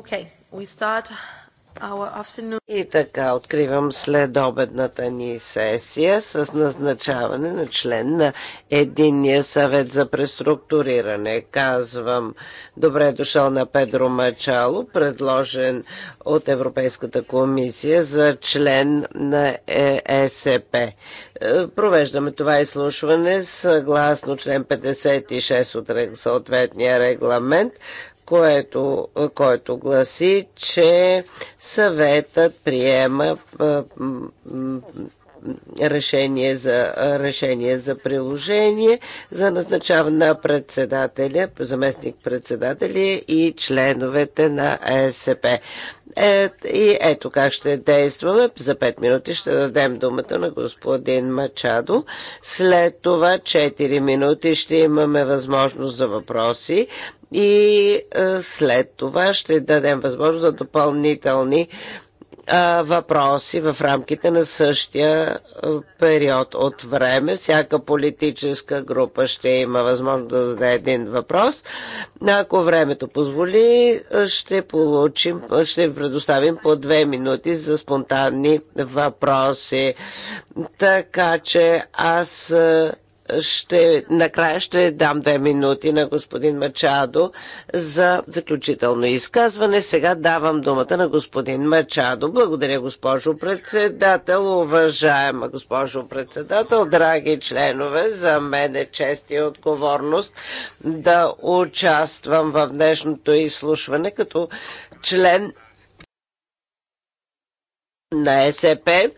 Okay, we start our afternoon. И така откривам след обедната ни сесия с назначаване на член на Единния съвет за преструктуриране. Казвам, добре дошъл на Педро Мачало, предложен от Европейската комисия за член на ЕСП. Е, провеждаме това изслушване съгласно член 56 от съответния регламент което, който гласи, че съветът приема решение за, решение за приложение за назначаване на председателя, заместник председателя и членовете на ЕСП. Е, и ето как ще действаме. За 5 минути ще дадем думата на господин Мачадо. След това 4 минути ще имаме възможност за въпроси и е, след това ще дадем възможност за допълнителни е, въпроси в рамките на същия период от време. Всяка политическа група ще има възможност да зададе един въпрос. Ако времето позволи, ще получим, ще предоставим по две минути за спонтанни въпроси. Така че аз ще, накрая ще дам две минути на господин Мачадо за заключително изказване. Сега давам думата на господин Мачадо. Благодаря, госпожо председател, уважаема госпожо председател, драги членове. За мен е чест и отговорност да участвам в днешното изслушване като член на СП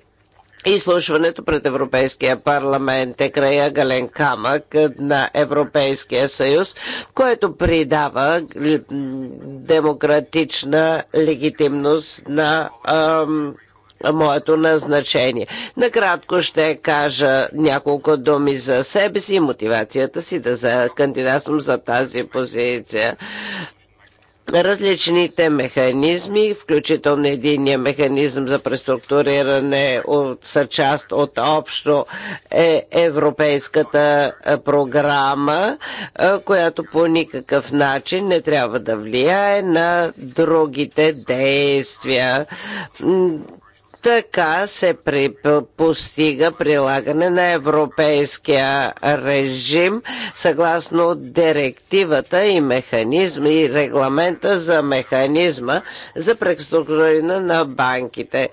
Изслушването пред Европейския парламент е края гален камък на Европейския съюз, което придава демократична легитимност на ам, моето назначение. Накратко ще кажа няколко думи за себе си и мотивацията си да за кандидатствам за тази позиция различните механизми, включително единия механизъм за преструктуриране от, са част от общо е, европейската е, програма, е, която по никакъв начин не трябва да влияе на другите действия. Така се при, постига прилагане на европейския режим съгласно директивата и механизм и регламента за механизма за преструктуриране на банките.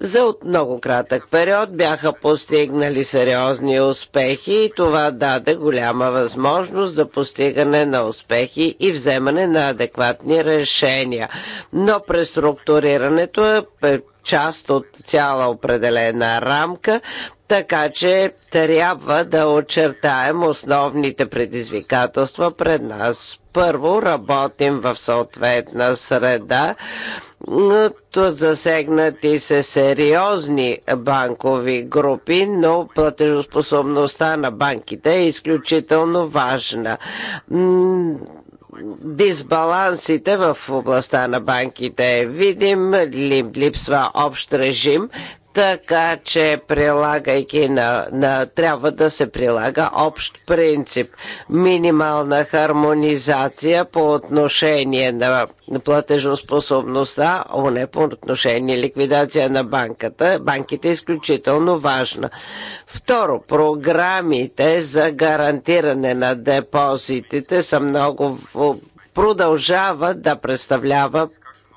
За от много кратък период бяха постигнали сериозни успехи и това даде голяма възможност за постигане на успехи и вземане на адекватни решения. Но преструктурирането е част от цяла определена рамка, така че трябва да очертаем основните предизвикателства пред нас. Първо, работим в съответна среда, засегнати се сериозни банкови групи, но платежоспособността на банките е изключително важна дисбалансите в областта на банките. Видим ли липсва общ режим, така че прилагайки на, на трябва да се прилага общ принцип. Минимална хармонизация по отношение на платежоспособността, а не по отношение ликвидация на банката. Банките е изключително важна. Второ, програмите за гарантиране на депозитите са много продължават да представлява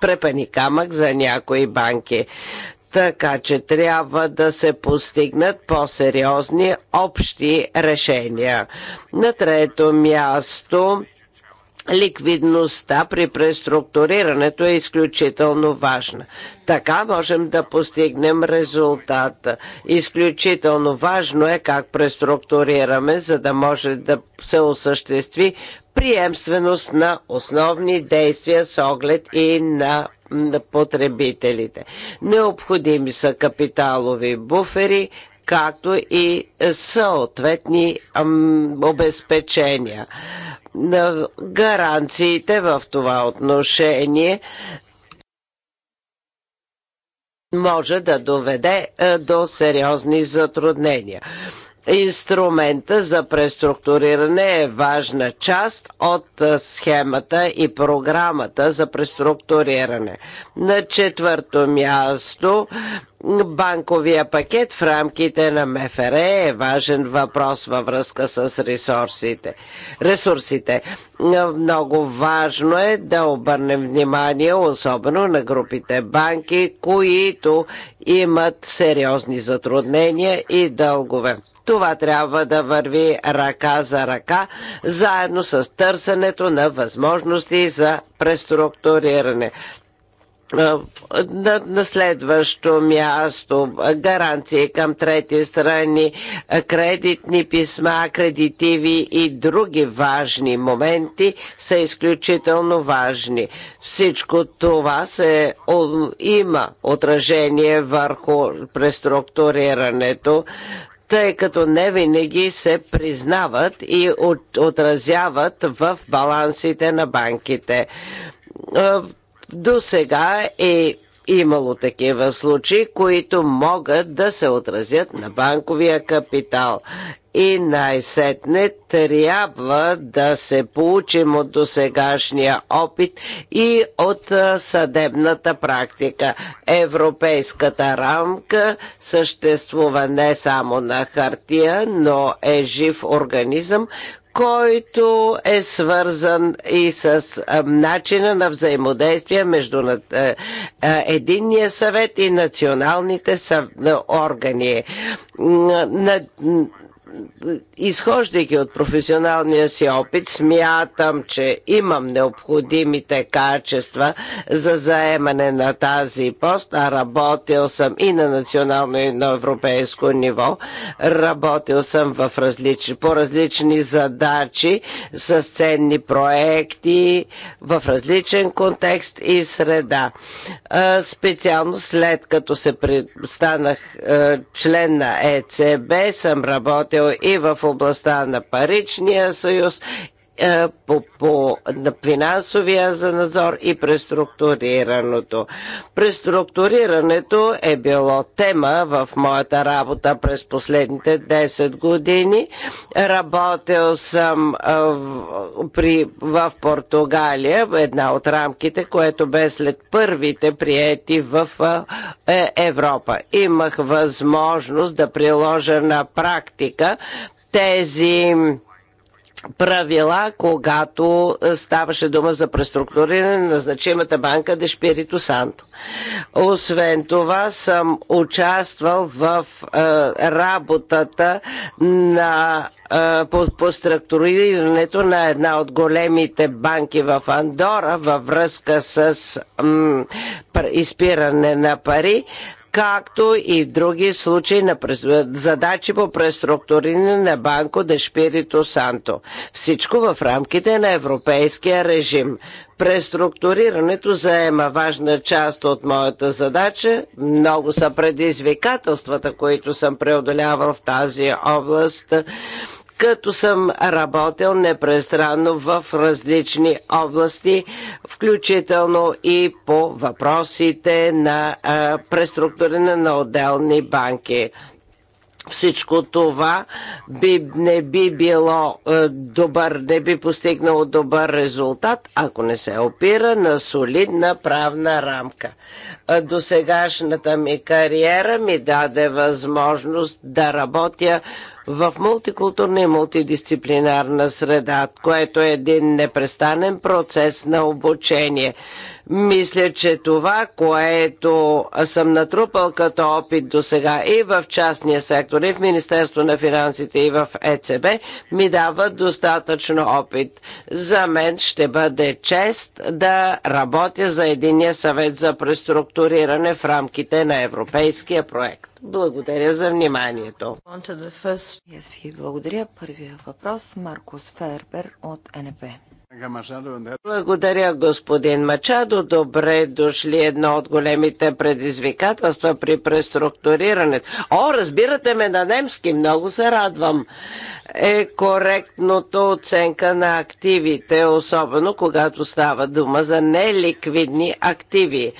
препани камък за някои банки. Така че трябва да се постигнат по-сериозни общи решения. На трето място ликвидността при преструктурирането е изключително важна. Така можем да постигнем резултата. Изключително важно е как преструктурираме, за да може да се осъществи приемственост на основни действия с оглед и на потребителите. Необходими са капиталови буфери, както и съответни обезпечения обезпечения. Гаранциите в това отношение може да доведе е, до сериозни затруднения. Инструмента за преструктуриране е важна част от схемата и програмата за преструктуриране. На четвърто място банковия пакет в рамките на МФР е важен въпрос във връзка с ресурсите. ресурсите. Много важно е да обърнем внимание, особено на групите банки, които имат сериозни затруднения и дългове. Това трябва да върви ръка за ръка, заедно с търсенето на възможности за преструктуриране. На, на следващо място гаранции към трети страни, кредитни писма, кредитиви и други важни моменти са изключително важни. Всичко това се има отражение върху преструктурирането тъй като не винаги се признават и от, отразяват в балансите на банките. До сега е имало такива случаи, които могат да се отразят на банковия капитал. И най-сетне трябва да се получим от досегашния опит и от съдебната практика. Европейската рамка съществува не само на хартия, но е жив организъм, който е свързан и с начина на взаимодействие между Единния съвет и националните органи изхождайки от професионалния си опит, смятам, че имам необходимите качества за заемане на тази пост, а работил съм и на национално и на европейско ниво. Работил съм в различни, по различни задачи с ценни проекти в различен контекст и среда. Специално след като се станах член на ЕЦБ, съм работил и в областта на паричния съюз, е, по, по на финансовия за надзор и преструктурирането. Преструктурирането е било тема в моята работа през последните 10 години. Работил съм е, в, при, в Португалия, една от рамките, което бе след първите приети в е, е Европа. Имах възможност да приложа на практика тези правила, когато е, ставаше дума за преструктуриране на значимата банка Дешпирито Санто. Освен това съм участвал в е, работата на е, по, по структурирането на една от големите банки в Андора във връзка с м, изпиране на пари, както и в други случаи на задачи по преструктуриране на Банко де Шпирито Санто. Всичко в рамките на европейския режим. Преструктурирането заема важна част от моята задача. Много са предизвикателствата, които съм преодолявал в тази област като съм работил непрестранно в различни области, включително и по въпросите на преструктуриране на отделни банки. Всичко това би, не би било е, добър, не би постигнало добър резултат, ако не се опира на солидна правна рамка. Е, До сегашната ми кариера ми даде възможност да работя в мултикултурна и мултидисциплинарна среда, което е един непрестанен процес на обучение. Мисля, че това, което съм натрупал като опит до сега и в частния сектор, и в Министерство на финансите, и в ЕЦБ, ми дава достатъчно опит. За мен ще бъде чест да работя за единия съвет за преструктуриране в рамките на европейския проект. Благодаря за вниманието. благодаря. Първия въпрос Маркус Фербер от НП. Благодаря, господин Мачадо. Добре дошли едно от големите предизвикателства при преструктурирането. О, разбирате ме на немски, много се радвам. Е коректното оценка на активите, особено когато става дума за неликвидни активи.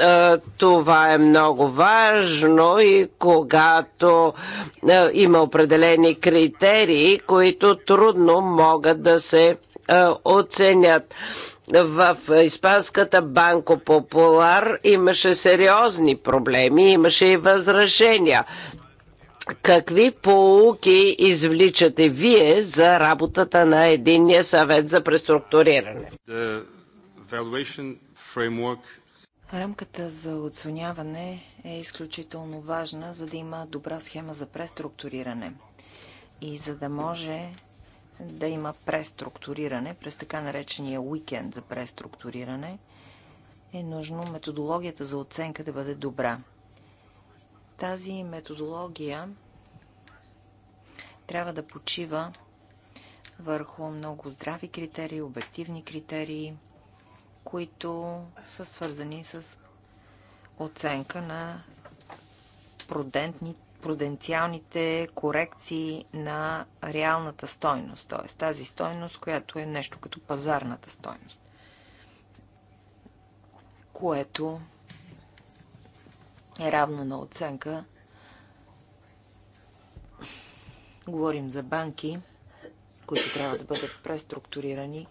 Е, това е много важно и когато е, има определени критерии, които трудно могат да се е, оценят. В Испанската банко Популар имаше сериозни проблеми, имаше и възражения. Какви поуки извличате вие за работата на Единния съвет за преструктуриране? Рамката за оценяване е изключително важна, за да има добра схема за преструктуриране и за да може да има преструктуриране през така наречения уикенд за преструктуриране, е нужно методологията за оценка да бъде добра. Тази методология трябва да почива върху много здрави критерии, обективни критерии – които са свързани с оценка на прудентни, пруденциалните корекции на реалната стойност, т.е. тази стойност, която е нещо като пазарната стойност, което е равно на оценка. Говорим за банки, които трябва да бъдат преструктурирани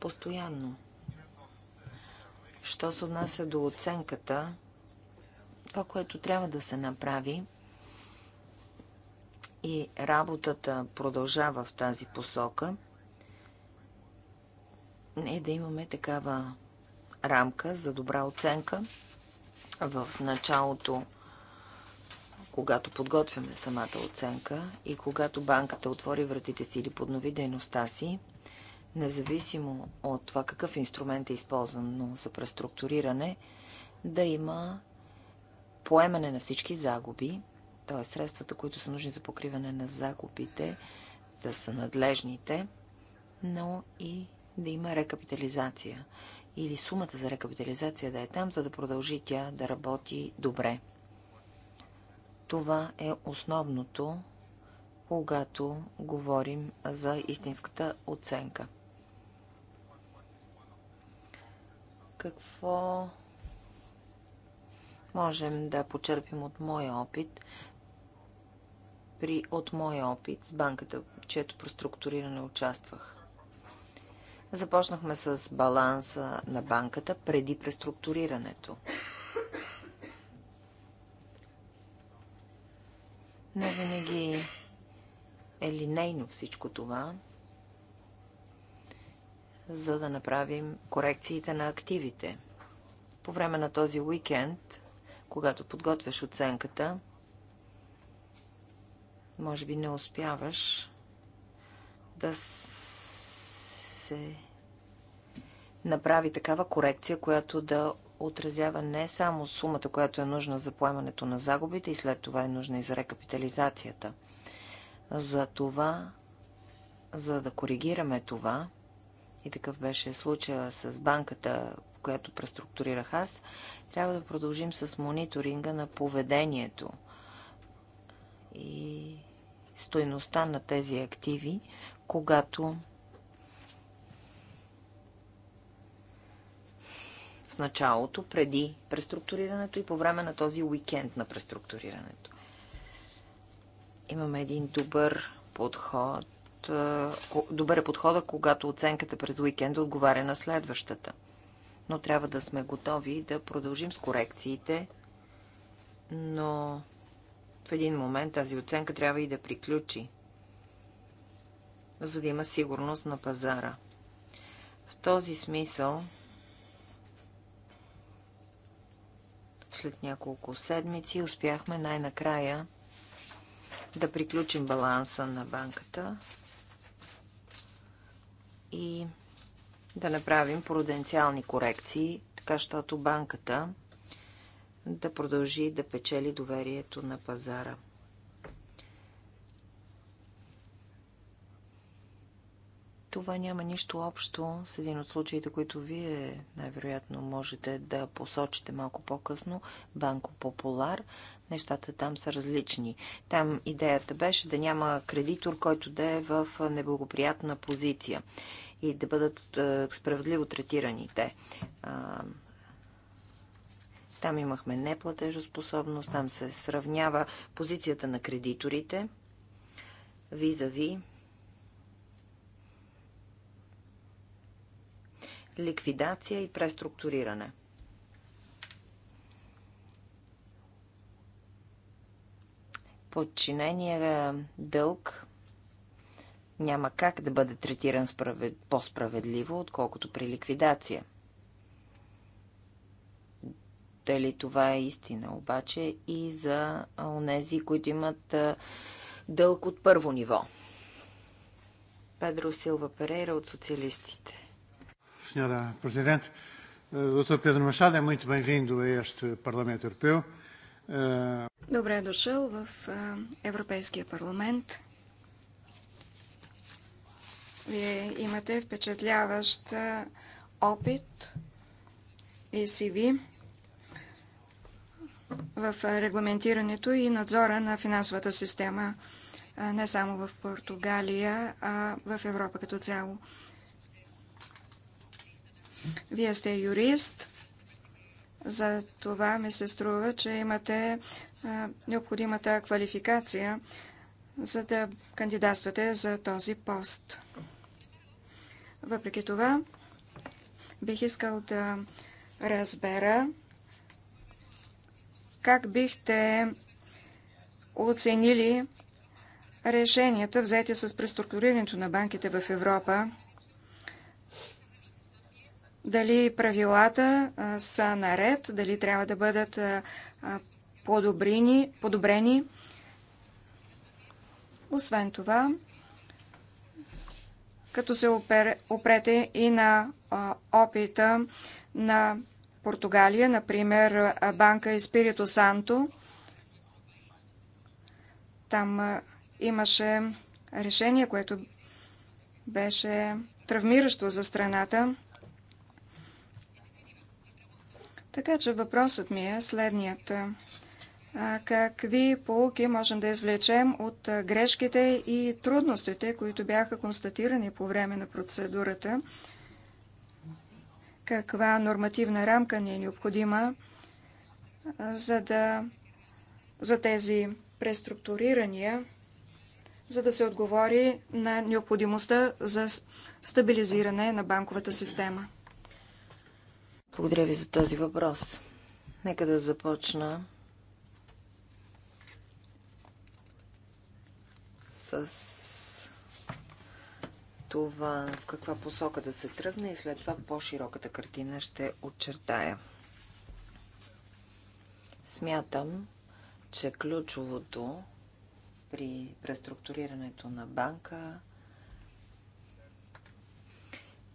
постоянно. Що се отнася до оценката, това, което трябва да се направи, и работата продължава в тази посока, е да имаме такава рамка за добра оценка в началото, когато подготвяме самата оценка и когато банката отвори вратите си или поднови дейността си, независимо от това какъв инструмент е използван за преструктуриране, да има поемане на всички загуби, т.е. средствата, които са нужни за покриване на загубите, да са надлежните, но и да има рекапитализация. Или сумата за рекапитализация да е там, за да продължи тя да работи добре. Това е основното, когато говорим за истинската оценка. какво можем да почерпим от моя опит, при, от моя опит с банката, чието преструктуриране участвах. Започнахме с баланса на банката преди преструктурирането. Не винаги е линейно всичко това за да направим корекциите на активите. По време на този уикенд, когато подготвяш оценката, може би не успяваш да се направи такава корекция, която да отразява не само сумата, която е нужна за поемането на загубите и след това е нужна и за рекапитализацията. За това, за да коригираме това, и такъв беше случая с банката, която преструктурирах аз, трябва да продължим с мониторинга на поведението и стойността на тези активи, когато в началото, преди преструктурирането и по време на този уикенд на преструктурирането. Имаме един добър подход е, добър е подхода, когато оценката през уикенда отговаря на следващата. Но трябва да сме готови да продължим с корекциите, но в един момент тази оценка трябва и да приключи, за да има сигурност на пазара. В този смисъл, след няколко седмици, успяхме най-накрая да приключим баланса на банката и да направим пруденциални корекции, така щото банката да продължи да печели доверието на пазара. Това няма нищо общо с един от случаите, които вие най-вероятно можете да посочите малко по-късно. Банко Популар нещата там са различни. Там идеята беше да няма кредитор, който да е в неблагоприятна позиция и да бъдат е, справедливо третирани те. Там имахме неплатежоспособност, там се сравнява позицията на кредиторите визави ликвидация и преструктуриране – подчинения дълг няма как да бъде третиран справед... по-справедливо, отколкото при ликвидация. Дали това е истина обаче и за онези, които имат дълг от първо ниво? Педро Силва Перейра от социалистите. Senhora президент, доктор Педро Машаде, е много bem-vindo a парламент Parlamento Добре е дошъл в Европейския парламент. Вие имате впечатляващ опит и CV в регламентирането и надзора на финансовата система не само в Португалия, а в Европа като цяло. Вие сте юрист, за това ми се струва, че имате необходимата квалификация, за да кандидатствате за този пост. Въпреки това, бих искал да разбера как бихте оценили решенията, взети с преструктурирането на банките в Европа дали правилата са наред, дали трябва да бъдат подобрени. Освен това, като се опрете и на опита на Португалия, например банка Espirito Санто, там имаше решение, което беше травмиращо за страната. Така че въпросът ми е следният. Какви полуки можем да извлечем от грешките и трудностите, които бяха констатирани по време на процедурата? Каква нормативна рамка ни е необходима, за, да, за тези преструктурирания, за да се отговори на необходимостта за стабилизиране на банковата система? Благодаря ви за този въпрос. Нека да започна с това в каква посока да се тръгне и след това по-широката картина ще очертая. Смятам, че ключовото при преструктурирането на банка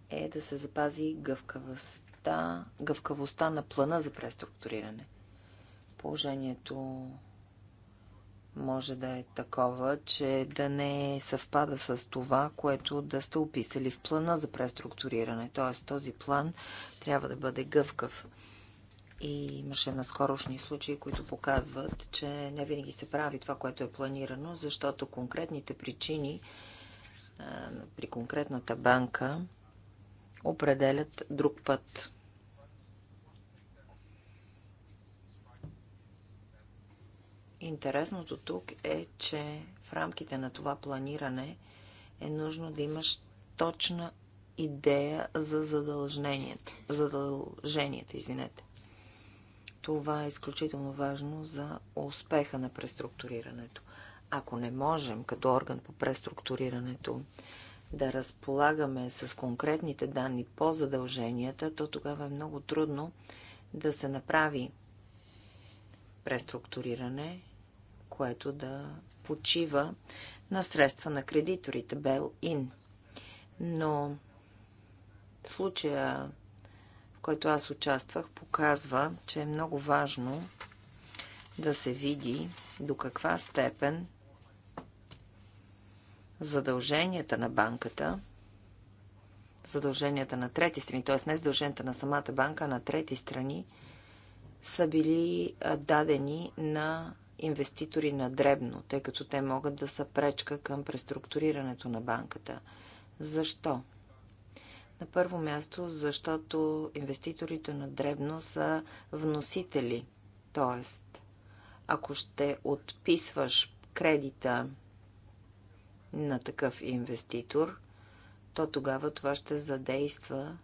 е да се запази гъвкавост гъвкавостта, гъвкавостта на плана за преструктуриране. Положението може да е такова, че да не съвпада с това, което да сте описали в плана за преструктуриране. Т.е. този план трябва да бъде гъвкав. И имаше наскорошни случаи, които показват, че не винаги се прави това, което е планирано, защото конкретните причини при конкретната банка определят друг път. Интересното тук е, че в рамките на това планиране е нужно да имаш точна идея за задълженията. задълженията извинете. Това е изключително важно за успеха на преструктурирането. Ако не можем като орган по преструктурирането да разполагаме с конкретните данни по задълженията, то тогава е много трудно да се направи преструктуриране което да почива на средства на кредиторите, бел-ин. Но случая, в който аз участвах, показва, че е много важно да се види до каква степен задълженията на банката, задълженията на трети страни, т.е. не задълженията на самата банка, а на трети страни, са били дадени на инвеститори на дребно, тъй като те могат да са пречка към преструктурирането на банката. Защо? На първо място, защото инвеститорите на дребно са вносители. Тоест, ако ще отписваш кредита на такъв инвеститор, то тогава това ще задейства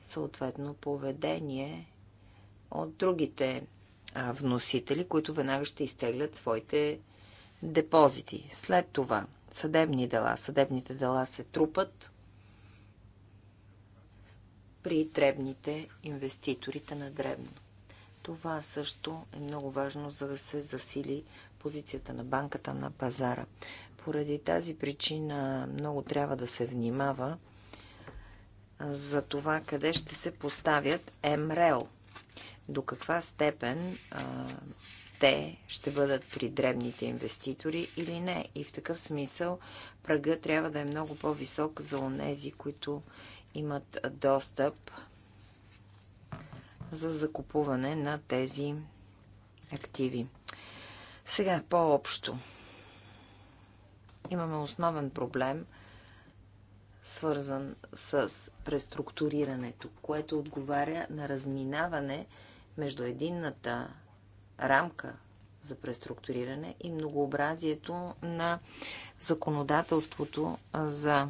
съответно поведение от другите вносители, които веднага ще изтеглят своите депозити. След това съдебни дела. Съдебните дела се трупат при дребните инвеститорите на дребно. Това също е много важно, за да се засили позицията на банката на пазара. Поради тази причина много трябва да се внимава за това къде ще се поставят МРЕЛ до каква степен а, те ще бъдат при дребните инвеститори или не. И в такъв смисъл прага трябва да е много по-висок за онези, които имат достъп за закупуване на тези активи. Сега по-общо. Имаме основен проблем, свързан с преструктурирането, което отговаря на разминаване между единната рамка за преструктуриране и многообразието на законодателството за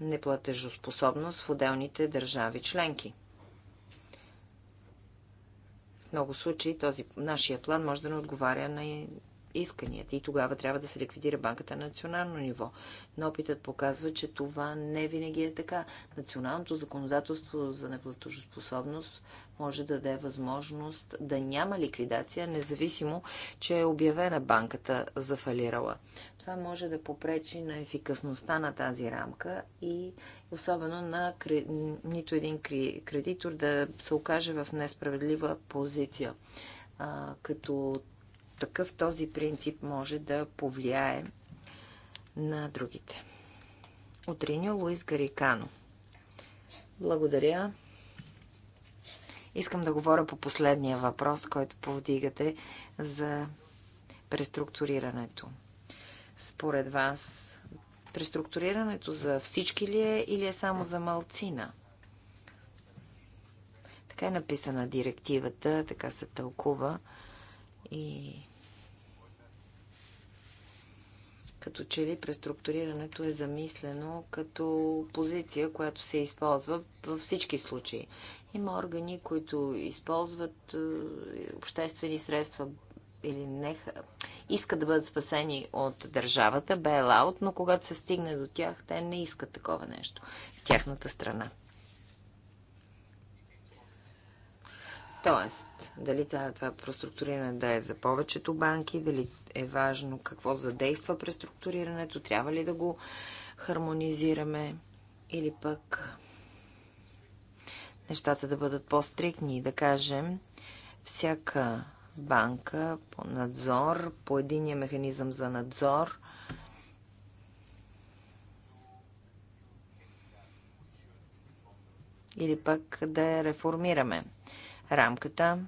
неплатежоспособност в отделните държави членки. В много случаи този нашия план може да не отговаря на исканията и тогава трябва да се ликвидира банката на национално ниво. Но опитът показва, че това не винаги е така. Националното законодателство за неплатежоспособност може да даде възможност да няма ликвидация, независимо, че е обявена банката за фалирала. Това може да попречи на ефикасността на тази рамка и особено на нито един кредитор да се окаже в несправедлива позиция. като такъв този принцип може да повлияе на другите. От Луис Гарикано. Благодаря. Искам да говоря по последния въпрос, който повдигате за преструктурирането. Според вас, преструктурирането за всички ли е или е само за малцина? Така е написана директивата, така се тълкува и Като че ли преструктурирането е замислено като позиция, която се използва във всички случаи. Има органи, които използват е, обществени средства или не, искат да бъдат спасени от държавата, бейлаут, но когато се стигне до тях, те не искат такова нещо в тяхната страна. Тоест, дали това, това преструктуриране да е за повечето банки, дали е важно какво задейства преструктурирането, трябва ли да го хармонизираме или пък нещата да бъдат по-стрикни, да кажем, всяка банка по надзор, по единия механизъм за надзор, или пък да я реформираме рамката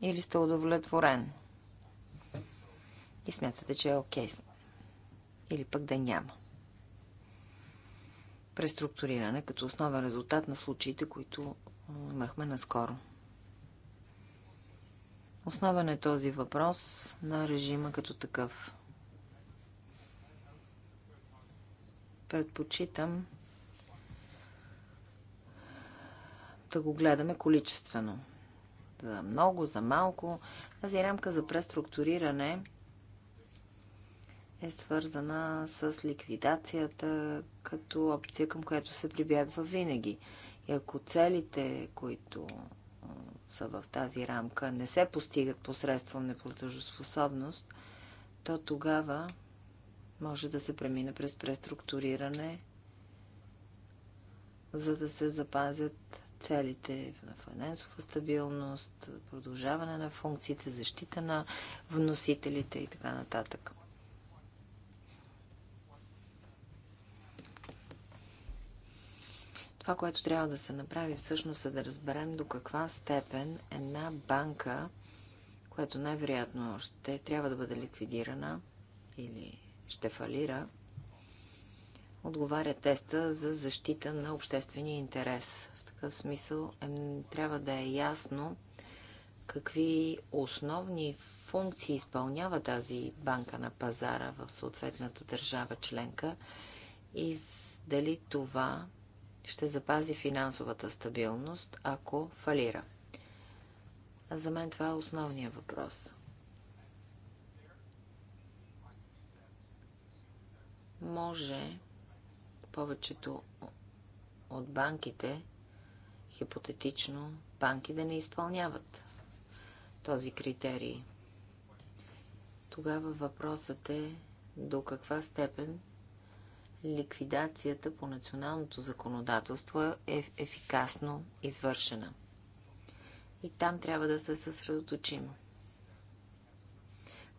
или сте удовлетворен? И смятате, че е окей. Okay. Или пък да няма. Преструктуриране като основен резултат на случаите, които имахме наскоро. Основен е този въпрос на режима като такъв. Предпочитам да го гледаме количествено за много, за малко. Тази рамка за преструктуриране е свързана с ликвидацията като опция, към която се прибягва винаги. И ако целите, които са в тази рамка, не се постигат посредством неплатежоспособност, то тогава може да се премине през преструктуриране, за да се запазят целите на финансова стабилност, продължаване на функциите, защита на вносителите и така нататък. Това, което трябва да се направи всъщност е да разберем до каква степен една банка, която най-вероятно ще трябва да бъде ликвидирана или ще фалира, отговаря теста за защита на обществения интерес такъв смисъл е, трябва да е ясно какви основни функции изпълнява тази банка на пазара в съответната държава членка и дали това ще запази финансовата стабилност, ако фалира. за мен това е основният въпрос. Може повечето от банките хипотетично банки да не изпълняват този критерий. Тогава въпросът е до каква степен ликвидацията по националното законодателство е ефикасно извършена. И там трябва да се съсредоточим.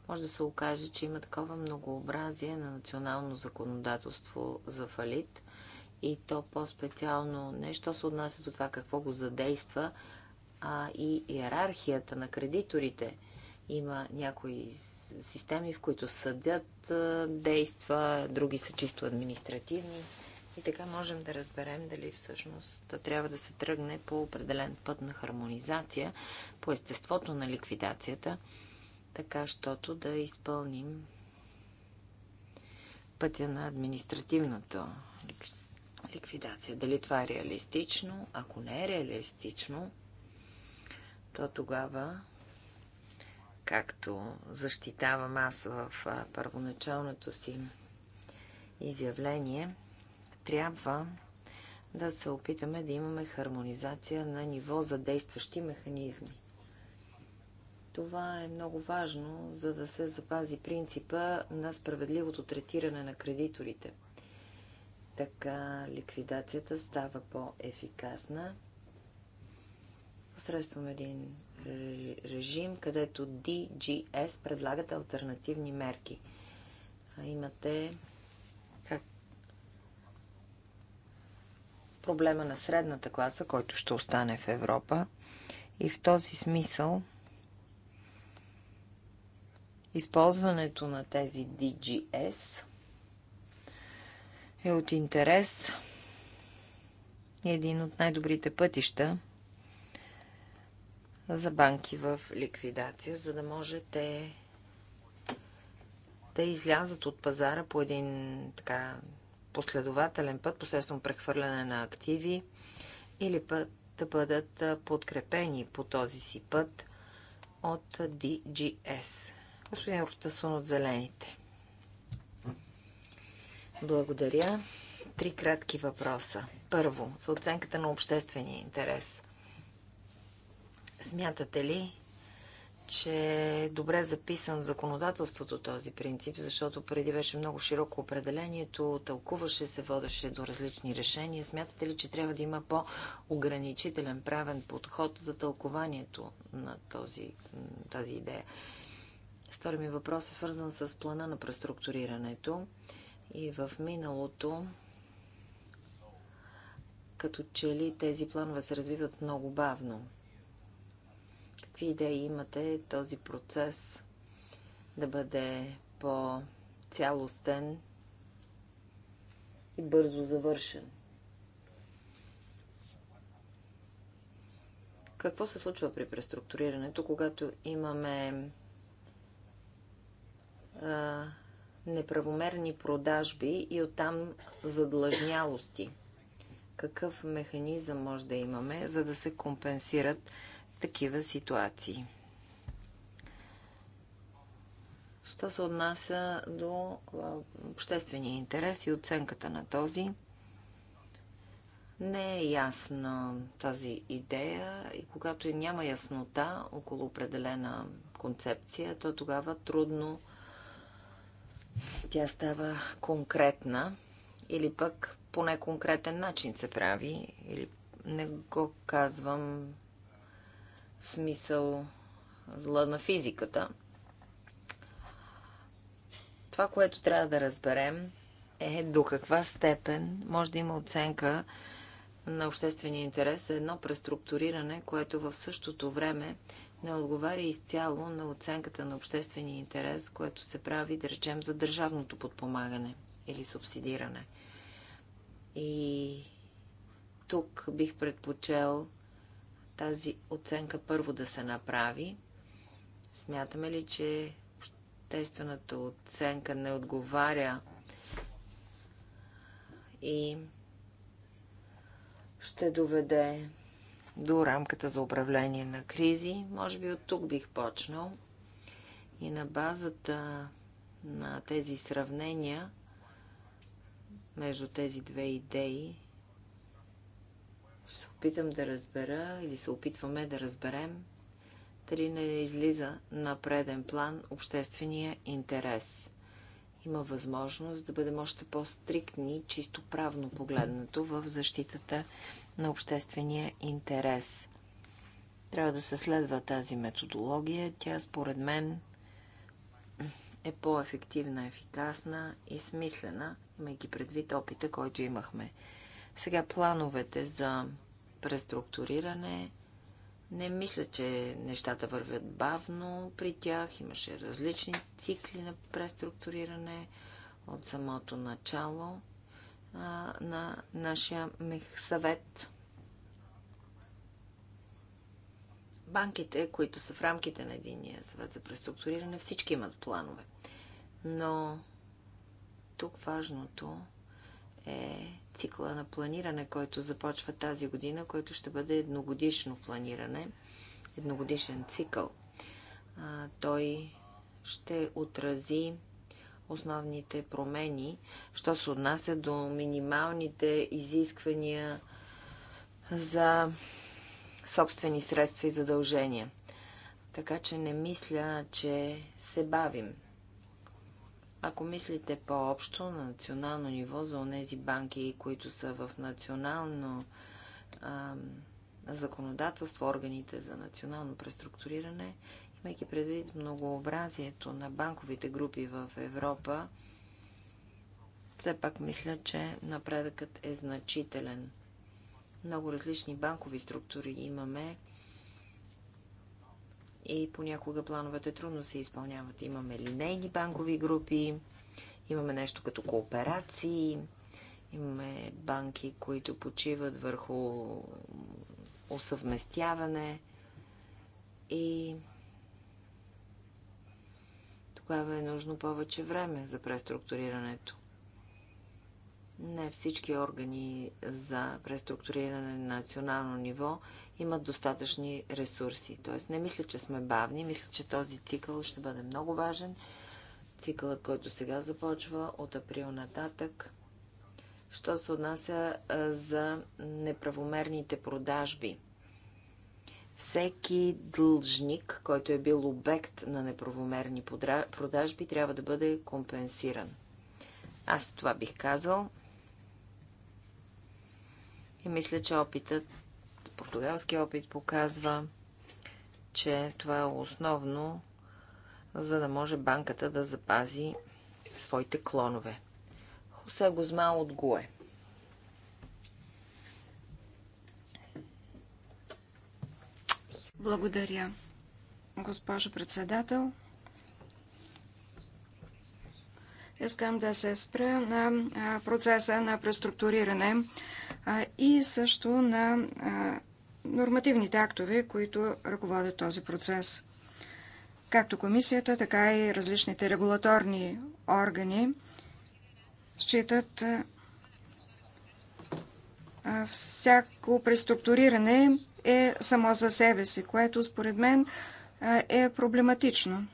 Може да се окаже, че има такова многообразие на национално законодателство за фалит, и то по-специално не, що се отнася до това какво го задейства, а и иерархията на кредиторите. Има някои системи, в които съдят действа, други са чисто административни. И така можем да разберем дали всъщност трябва да се тръгне по определен път на хармонизация, по естеството на ликвидацията, така щото да изпълним пътя на административното ликвидация ликвидация. Дали това е реалистично? Ако не е реалистично, то тогава, както защитавам аз в първоначалното си изявление, трябва да се опитаме да имаме хармонизация на ниво за действащи механизми. Това е много важно, за да се запази принципа на справедливото третиране на кредиторите – така ликвидацията става по-ефикасна посредством един режим, където DGS предлагат альтернативни мерки. А имате как... проблема на средната класа, който ще остане в Европа. И в този смисъл използването на тези DGS е от интерес един от най-добрите пътища за банки в ликвидация, за да може те да излязат от пазара по един така последователен път, посредством прехвърляне на активи или път да бъдат подкрепени по този си път от DGS. Господин Ротасон от Зелените. Благодаря. Три кратки въпроса. Първо, за оценката на обществения интерес. Смятате ли, че е добре записан в законодателството този принцип, защото преди беше много широко определението, тълкуваше се, водеше до различни решения. Смятате ли, че трябва да има по-ограничителен правен подход за тълкованието на този, тази идея? Втори ми въпрос е свързан с плана на преструктурирането. И в миналото, като че ли тези планове се развиват много бавно. Какви идеи имате този процес да бъде по-цялостен и бързо завършен? Какво се случва при преструктурирането, когато имаме неправомерни продажби и оттам задлъжнялости. Какъв механизъм може да имаме, за да се компенсират такива ситуации? Що се отнася до обществения интерес и оценката на този? не е ясна тази идея и когато няма яснота около определена концепция, то тогава трудно тя става конкретна или пък по неконкретен начин се прави. Или не го казвам в смисъл зла на физиката. Това, което трябва да разберем е до каква степен може да има оценка на обществения интерес е едно преструктуриране, което в същото време не отговаря изцяло на оценката на обществения интерес, което се прави, да речем, за държавното подпомагане или субсидиране. И тук бих предпочел тази оценка първо да се направи. Смятаме ли, че обществената оценка не отговаря и ще доведе до рамката за управление на кризи. Може би от тук бих почнал. И на базата на тези сравнения между тези две идеи се опитам да разбера или се опитваме да разберем дали не излиза на преден план обществения интерес има възможност да бъдем още по-стриктни, чисто правно погледнато, в защитата на обществения интерес. Трябва да се следва тази методология. Тя, според мен, е по-ефективна, ефикасна и смислена, имайки предвид опита, който имахме. Сега плановете за преструктуриране не мисля, че нещата вървят бавно при тях. Имаше различни цикли на преструктуриране от самото начало а, на нашия съвет. Банките, които са в рамките на единия съвет за преструктуриране, всички имат планове. Но тук важното е цикла на планиране, който започва тази година, който ще бъде едногодишно планиране, едногодишен цикъл. А, той ще отрази основните промени, що се отнася до минималните изисквания за собствени средства и задължения. Така че не мисля, че се бавим. Ако мислите по-общо на национално ниво за онези банки, които са в национално а, законодателство, органите за национално преструктуриране, имайки предвид многообразието на банковите групи в Европа, все пак мисля, че напредъкът е значителен. Много различни банкови структури имаме и понякога плановете трудно се изпълняват. Имаме линейни банкови групи, имаме нещо като кооперации, имаме банки, които почиват върху усъвместяване и тогава е нужно повече време за преструктурирането. Не всички органи за преструктуриране на национално ниво имат достатъчни ресурси. Тоест не мисля, че сме бавни. Мисля, че този цикъл ще бъде много важен. Цикълът, който сега започва от април нататък. Що се отнася за неправомерните продажби? Всеки дължник, който е бил обект на неправомерни продажби, трябва да бъде компенсиран. Аз това бих казал. И мисля, че опитът, португалски опит показва, че това е основно, за да може банката да запази своите клонове. Хосе Гузма от Гуе. Благодаря, госпожо председател. Искам да се спра на процеса на преструктуриране и също на нормативните актове, които ръководят този процес. Както комисията, така и различните регулаторни органи считат всяко преструктуриране е само за себе си, което според мен е проблематично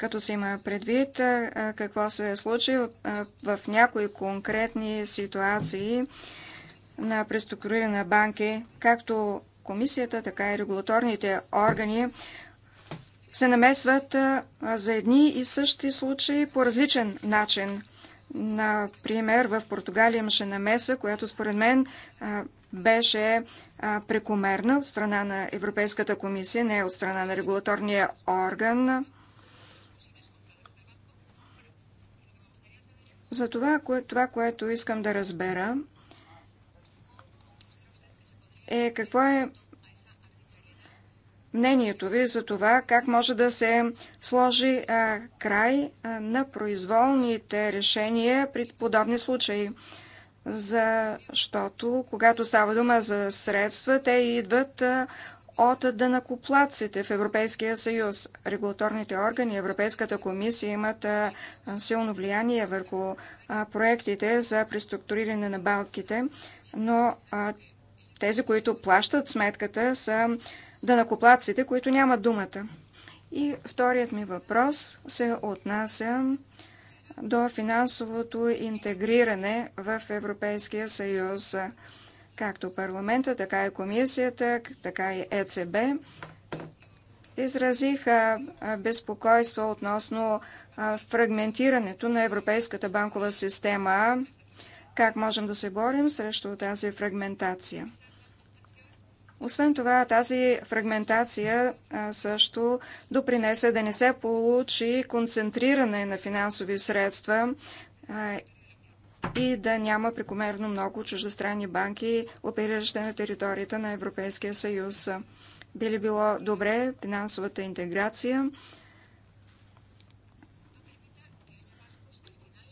като се има предвид какво се е случило в някои конкретни ситуации на преструктуриране на банки, както комисията, така и регулаторните органи се намесват за едни и същи случаи по различен начин. Например, в Португалия имаше намеса, която според мен беше прекомерна от страна на Европейската комисия, не от страна на регулаторния орган. Затова това, което искам да разбера, е какво е мнението ви за това как може да се сложи а, край а, на произволните решения при подобни случаи. Защото, когато става дума за средства, те идват а, от дънакоплаците в Европейския съюз. Регулаторните органи, Европейската комисия имат силно влияние върху проектите за преструктуриране на балките, но тези, които плащат сметката, са дънакоплаците, които нямат думата. И вторият ми въпрос се отнася до финансовото интегриране в Европейския съюз. Както парламента, така и комисията, така и ЕЦБ изразиха безпокойство относно фрагментирането на Европейската банкова система. Как можем да се борим срещу тази фрагментация? Освен това, тази фрагментация също допринесе да не се получи концентриране на финансови средства и да няма прекомерно много чуждестранни банки, опериращи на територията на Европейския съюз. Би ли било добре финансовата интеграция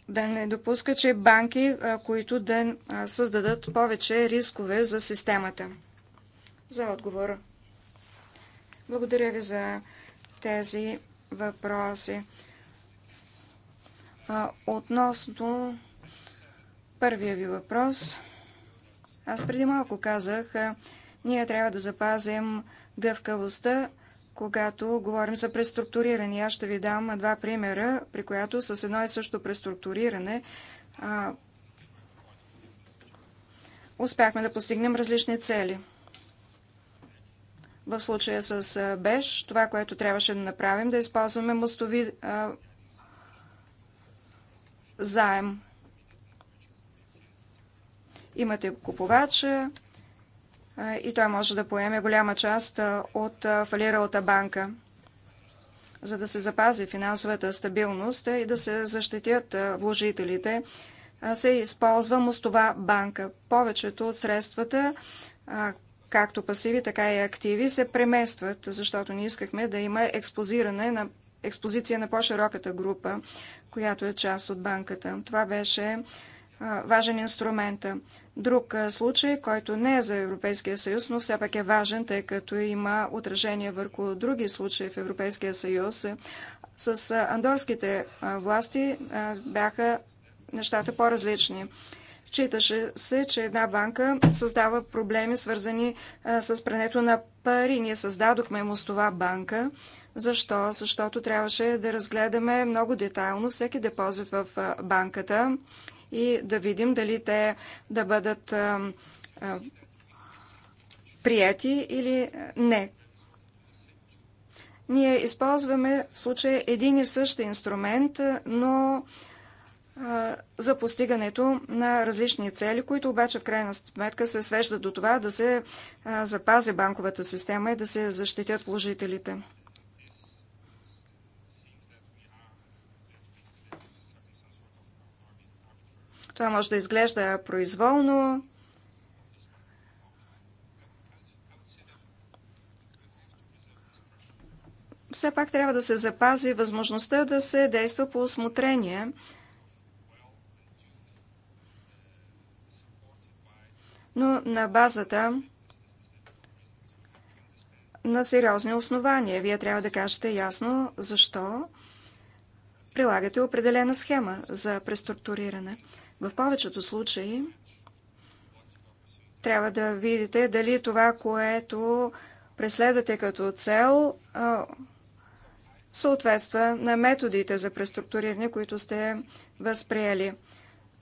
да не допуска, че банки, които да създадат повече рискове за системата? За отговора. Благодаря ви за тези въпроси. Относно Първия ви въпрос. Аз преди малко казах, ние трябва да запазим гъвкавостта, когато говорим за преструктуриране. Аз ще ви дам два примера, при която с едно и също преструктуриране а, успяхме да постигнем различни цели. В случая с БЕШ, това, което трябваше да направим, да използваме мостови а, заем. Имате купувача и той може да поеме голяма част от фалиралата банка, за да се запази финансовата стабилност и да се защитят вложителите. Се използва мостова банка. Повечето от средствата, както пасиви, така и активи, се преместват, защото ние искахме да има експозиране на експозиция на по-широката група, която е част от банката. Това беше важен инструмент. Друг случай, който не е за Европейския съюз, но все пак е важен, тъй като има отражение върху други случаи в Европейския съюз. С андорските власти бяха нещата по-различни. Читаше се, че една банка създава проблеми, свързани с прането на пари. Ние създадохме мостова банка. Защо? Защото трябваше да разгледаме много детайлно всеки депозит в банката и да видим дали те да бъдат прияти или не. Ние използваме в случая един и същ инструмент, но за постигането на различни цели, които обаче в крайна сметка се свеждат до това да се запази банковата система и да се защитят вложителите. Това може да изглежда произволно. Все пак трябва да се запази възможността да се действа по осмотрение. но на базата на сериозни основания. Вие трябва да кажете ясно защо прилагате определена схема за преструктуриране. В повечето случаи трябва да видите дали това, което преследвате като цел, съответства на методите за преструктуриране, които сте възприели.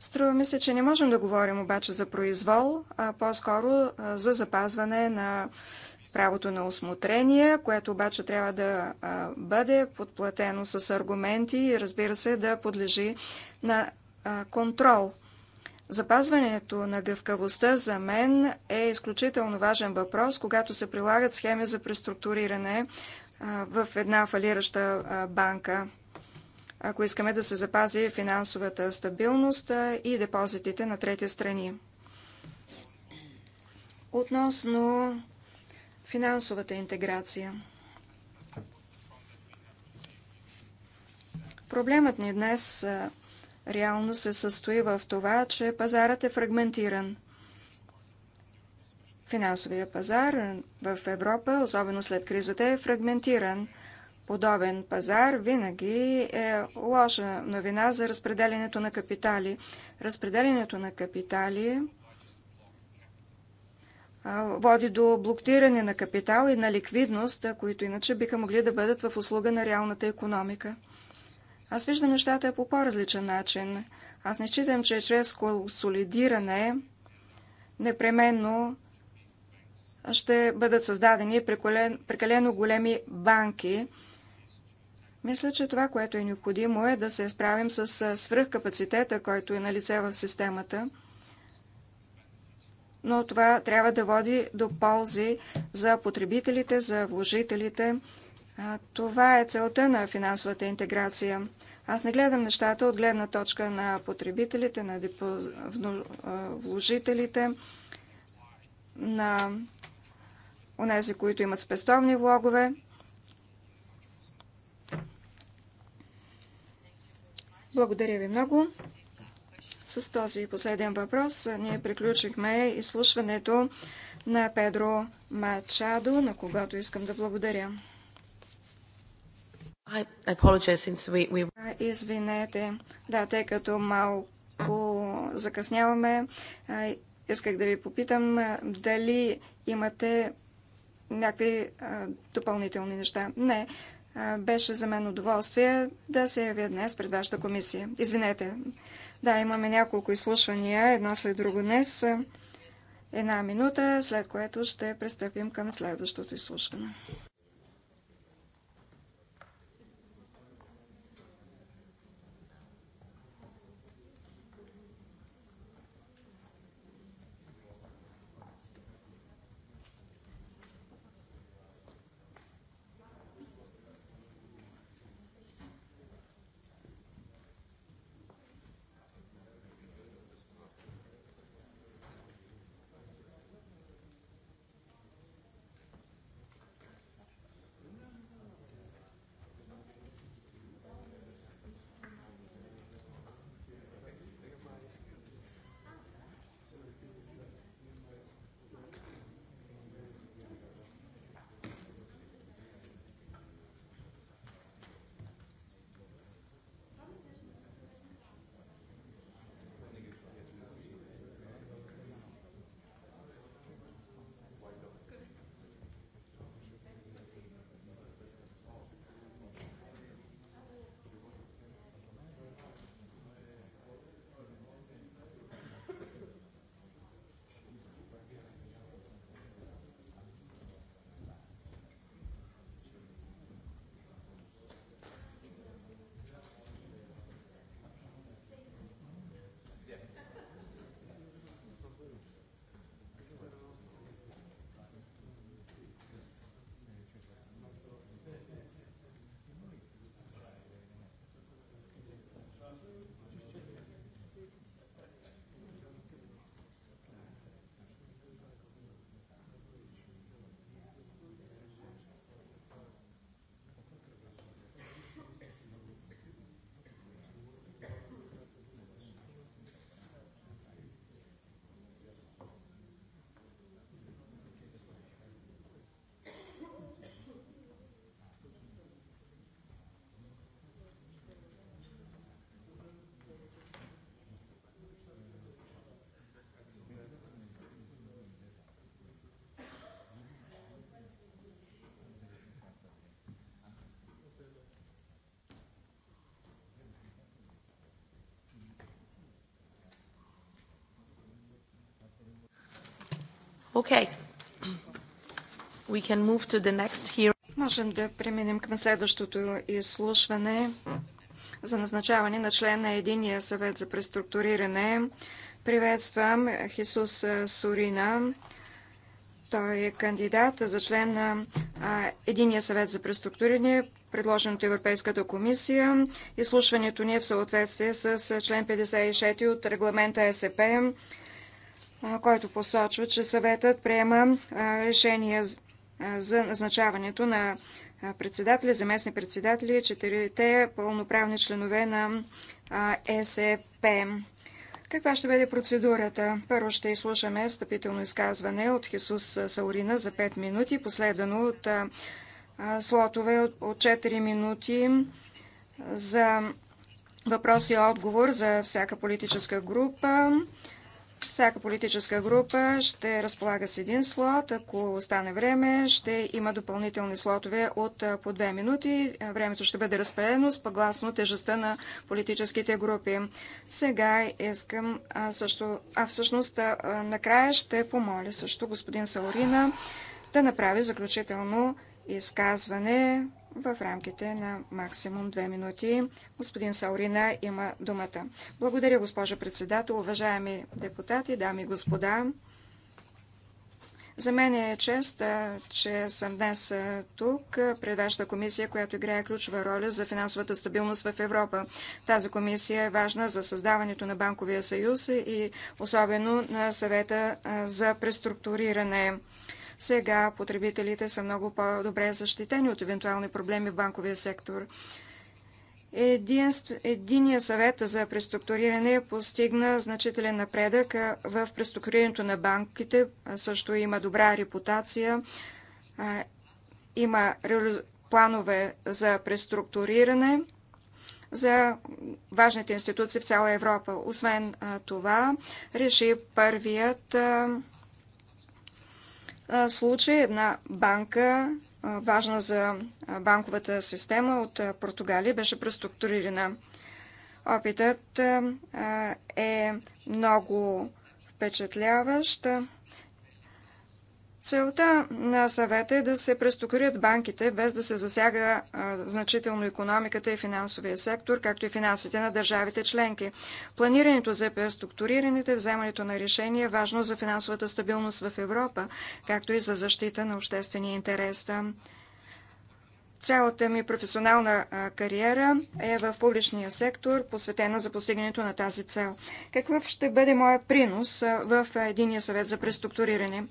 Струва ми се, че не можем да говорим обаче за произвол, а по-скоро за запазване на правото на осмотрение, което обаче трябва да бъде подплатено с аргументи и разбира се да подлежи на контрол. Запазването на гъвкавостта за мен е изключително важен въпрос, когато се прилагат схеми за преструктуриране в една фалираща банка, ако искаме да се запази финансовата стабилност и депозитите на трети страни. Относно финансовата интеграция. Проблемът ни днес реално се състои в това, че пазарът е фрагментиран. Финансовия пазар в Европа, особено след кризата, е фрагментиран. Подобен пазар винаги е лоша новина за разпределението на капитали. Разпределението на капитали води до блоктиране на капитал и на ликвидност, които иначе биха могли да бъдат в услуга на реалната економика. Аз виждам нещата по по-различен начин. Аз не считам, че чрез консолидиране непременно ще бъдат създадени прекалено големи банки. Мисля, че това, което е необходимо е да се справим с свръхкапацитета, който е на лице в системата. Но това трябва да води до ползи за потребителите, за вложителите. Това е целта на финансовата интеграция. Аз не гледам нещата от гледна точка на потребителите, на вложителите, на онези, които имат спестовни влогове. Благодаря ви много. С този последен въпрос ние приключихме изслушването на Педро Мачадо, на когато искам да благодаря. Извинете. Да, тъй като малко закъсняваме, исках да ви попитам дали имате някакви допълнителни неща. Не. Беше за мен удоволствие да се явя днес пред вашата комисия. Извинете. Да, имаме няколко изслушвания, едно след друго днес. Една минута, след което ще пристъпим към следващото изслушване. Okay. We can move to the next Можем да преминем към следващото изслушване за назначаване на член на Единия съвет за преструктуриране. Приветствам Хисус Сурина. Той е кандидат за член на Единия съвет за преструктуриране, предложен от Европейската комисия. Изслушването ни е в съответствие с член 56 от регламента е СП който посочва, че съветът приема решение за назначаването на председателя, заместни председатели и четирите пълноправни членове на ЕСП. Каква ще бъде процедурата? Първо ще изслушаме встъпително изказване от Хисус Саурина за 5 минути, последвано от слотове от 4 минути за въпрос и отговор за всяка политическа група. Всяка политическа група ще разполага с един слот. Ако остане време, ще има допълнителни слотове от по две минути. Времето ще бъде разпределено спогласно тежестта на политическите групи. Сега искам а, също... А всъщност а, накрая ще помоля също господин Саурина да направи заключително изказване в рамките на максимум две минути. Господин Саурина има думата. Благодаря, госпожа председател, уважаеми депутати, дами и господа. За мен е чест, че съм днес тук пред вашата комисия, която играе ключова роля за финансовата стабилност в Европа. Тази комисия е важна за създаването на Банковия съюз и особено на съвета за преструктуриране. Сега потребителите са много по-добре защитени от евентуални проблеми в банковия сектор. Единият съвет за преструктуриране постигна значителен напредък в преструктурирането на банките. Също има добра репутация. Има планове за преструктуриране за важните институции в цяла Европа. Освен това, реши първият случай е една банка, важна за банковата система от Португалия, беше преструктурирана. Опитът е много впечатляващ. Целта на съвета е да се престокорят банките, без да се засяга а, значително економиката и финансовия сектор, както и финансите на държавите членки. Планирането за преструктурирането и вземането на решения е важно за финансовата стабилност в Европа, както и за защита на обществения интерес. Там. Цялата ми професионална кариера е в публичния сектор, посветена за постигането на тази цел. Какъв ще бъде моя принос в Единия съвет за преструктуриране?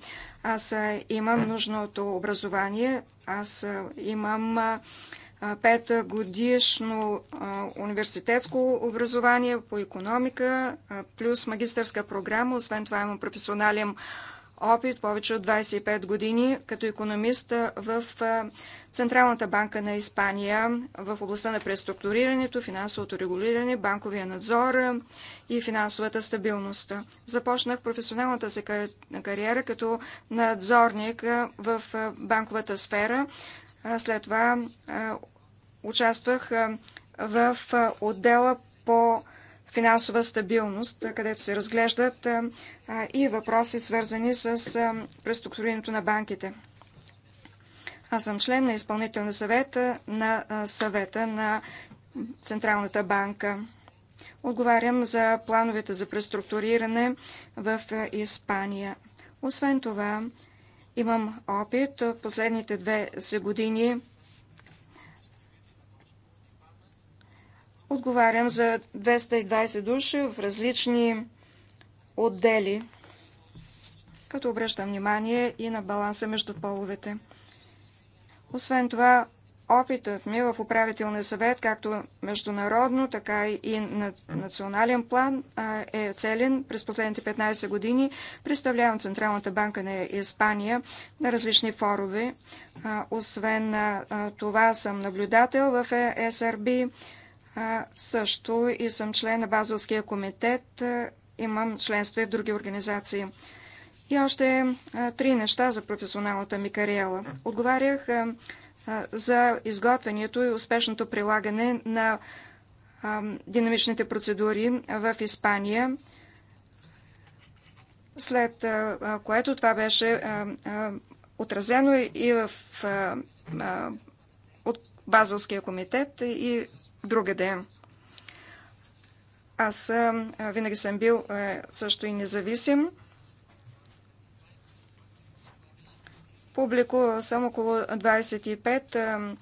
Аз имам нужното образование, аз имам пет годишно университетско образование по економика, плюс магистърска програма. Освен това имам професионален опит повече от 25 години като економист в Централната банка на Испания в областта на преструктурирането, финансовото регулиране, банковия надзор и финансовата стабилност. Започнах професионалната си кариера като надзорник в банковата сфера. След това участвах в отдела по финансова стабилност, където се разглеждат и въпроси свързани с преструктурирането на банките. Аз съм член на изпълнителния съвет на съвета на Централната банка. Отговарям за плановете за преструктуриране в Испания. Освен това, имам опит последните две години Отговарям за 220 души в различни отдели, като обръщам внимание и на баланса между половете. Освен това, опитът ми в управителния съвет, както международно, така и на национален план, е целен. През последните 15 години представлявам Централната банка на Испания на различни форуми. Освен това съм наблюдател в е СРБ, също и съм член на Базелския комитет. Имам членство и в други организации. И още три неща за професионалната ми кариела. Отговарях за изготвянето и успешното прилагане на динамичните процедури в Испания, след което това беше отразено и в от комитет и другаде. Аз винаги съм бил също и независим. Публикувал съм около 25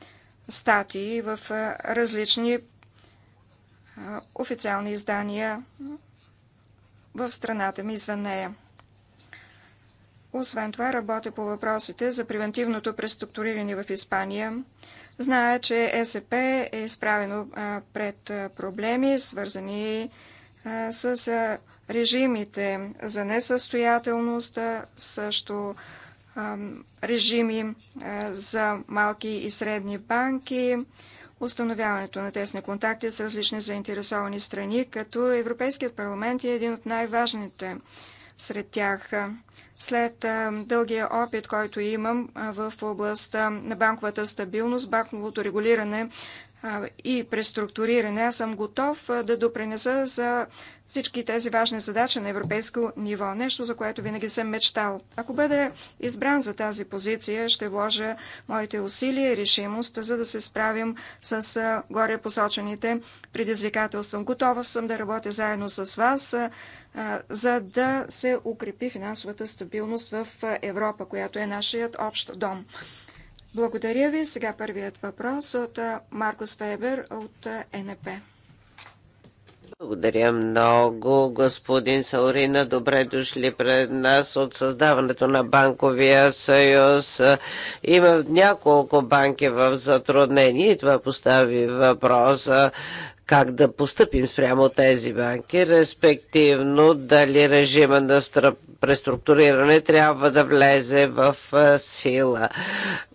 статии в различни официални издания в страната ми извън нея. Освен това работя по въпросите за превентивното преструктуриране в Испания. Зная, че ЕСП е изправено пред проблеми, свързани с режимите за несъстоятелност, също режими за малки и средни банки, установяването на тесни контакти с различни заинтересовани страни, като Европейският парламент е един от най-важните сред тях. След дългия опит, който имам в областта на банковата стабилност, банковото регулиране и преструктуриране, аз съм готов да допринеса за всички тези важни задачи на европейско ниво. Нещо, за което винаги съм мечтал. Ако бъде избран за тази позиция, ще вложа моите усилия и решимост, за да се справим с горе посочените предизвикателства. Готова съм да работя заедно с вас за да се укрепи финансовата стабилност в Европа, която е нашият общ дом. Благодаря ви. Сега първият въпрос от Маркус Фебер от НП. Благодаря много, господин Саурина. Добре дошли пред нас от създаването на Банковия съюз. Има няколко банки в затруднение и това постави въпроса как да поступим спрямо тези банки, респективно дали режима на преструктуриране трябва да влезе в сила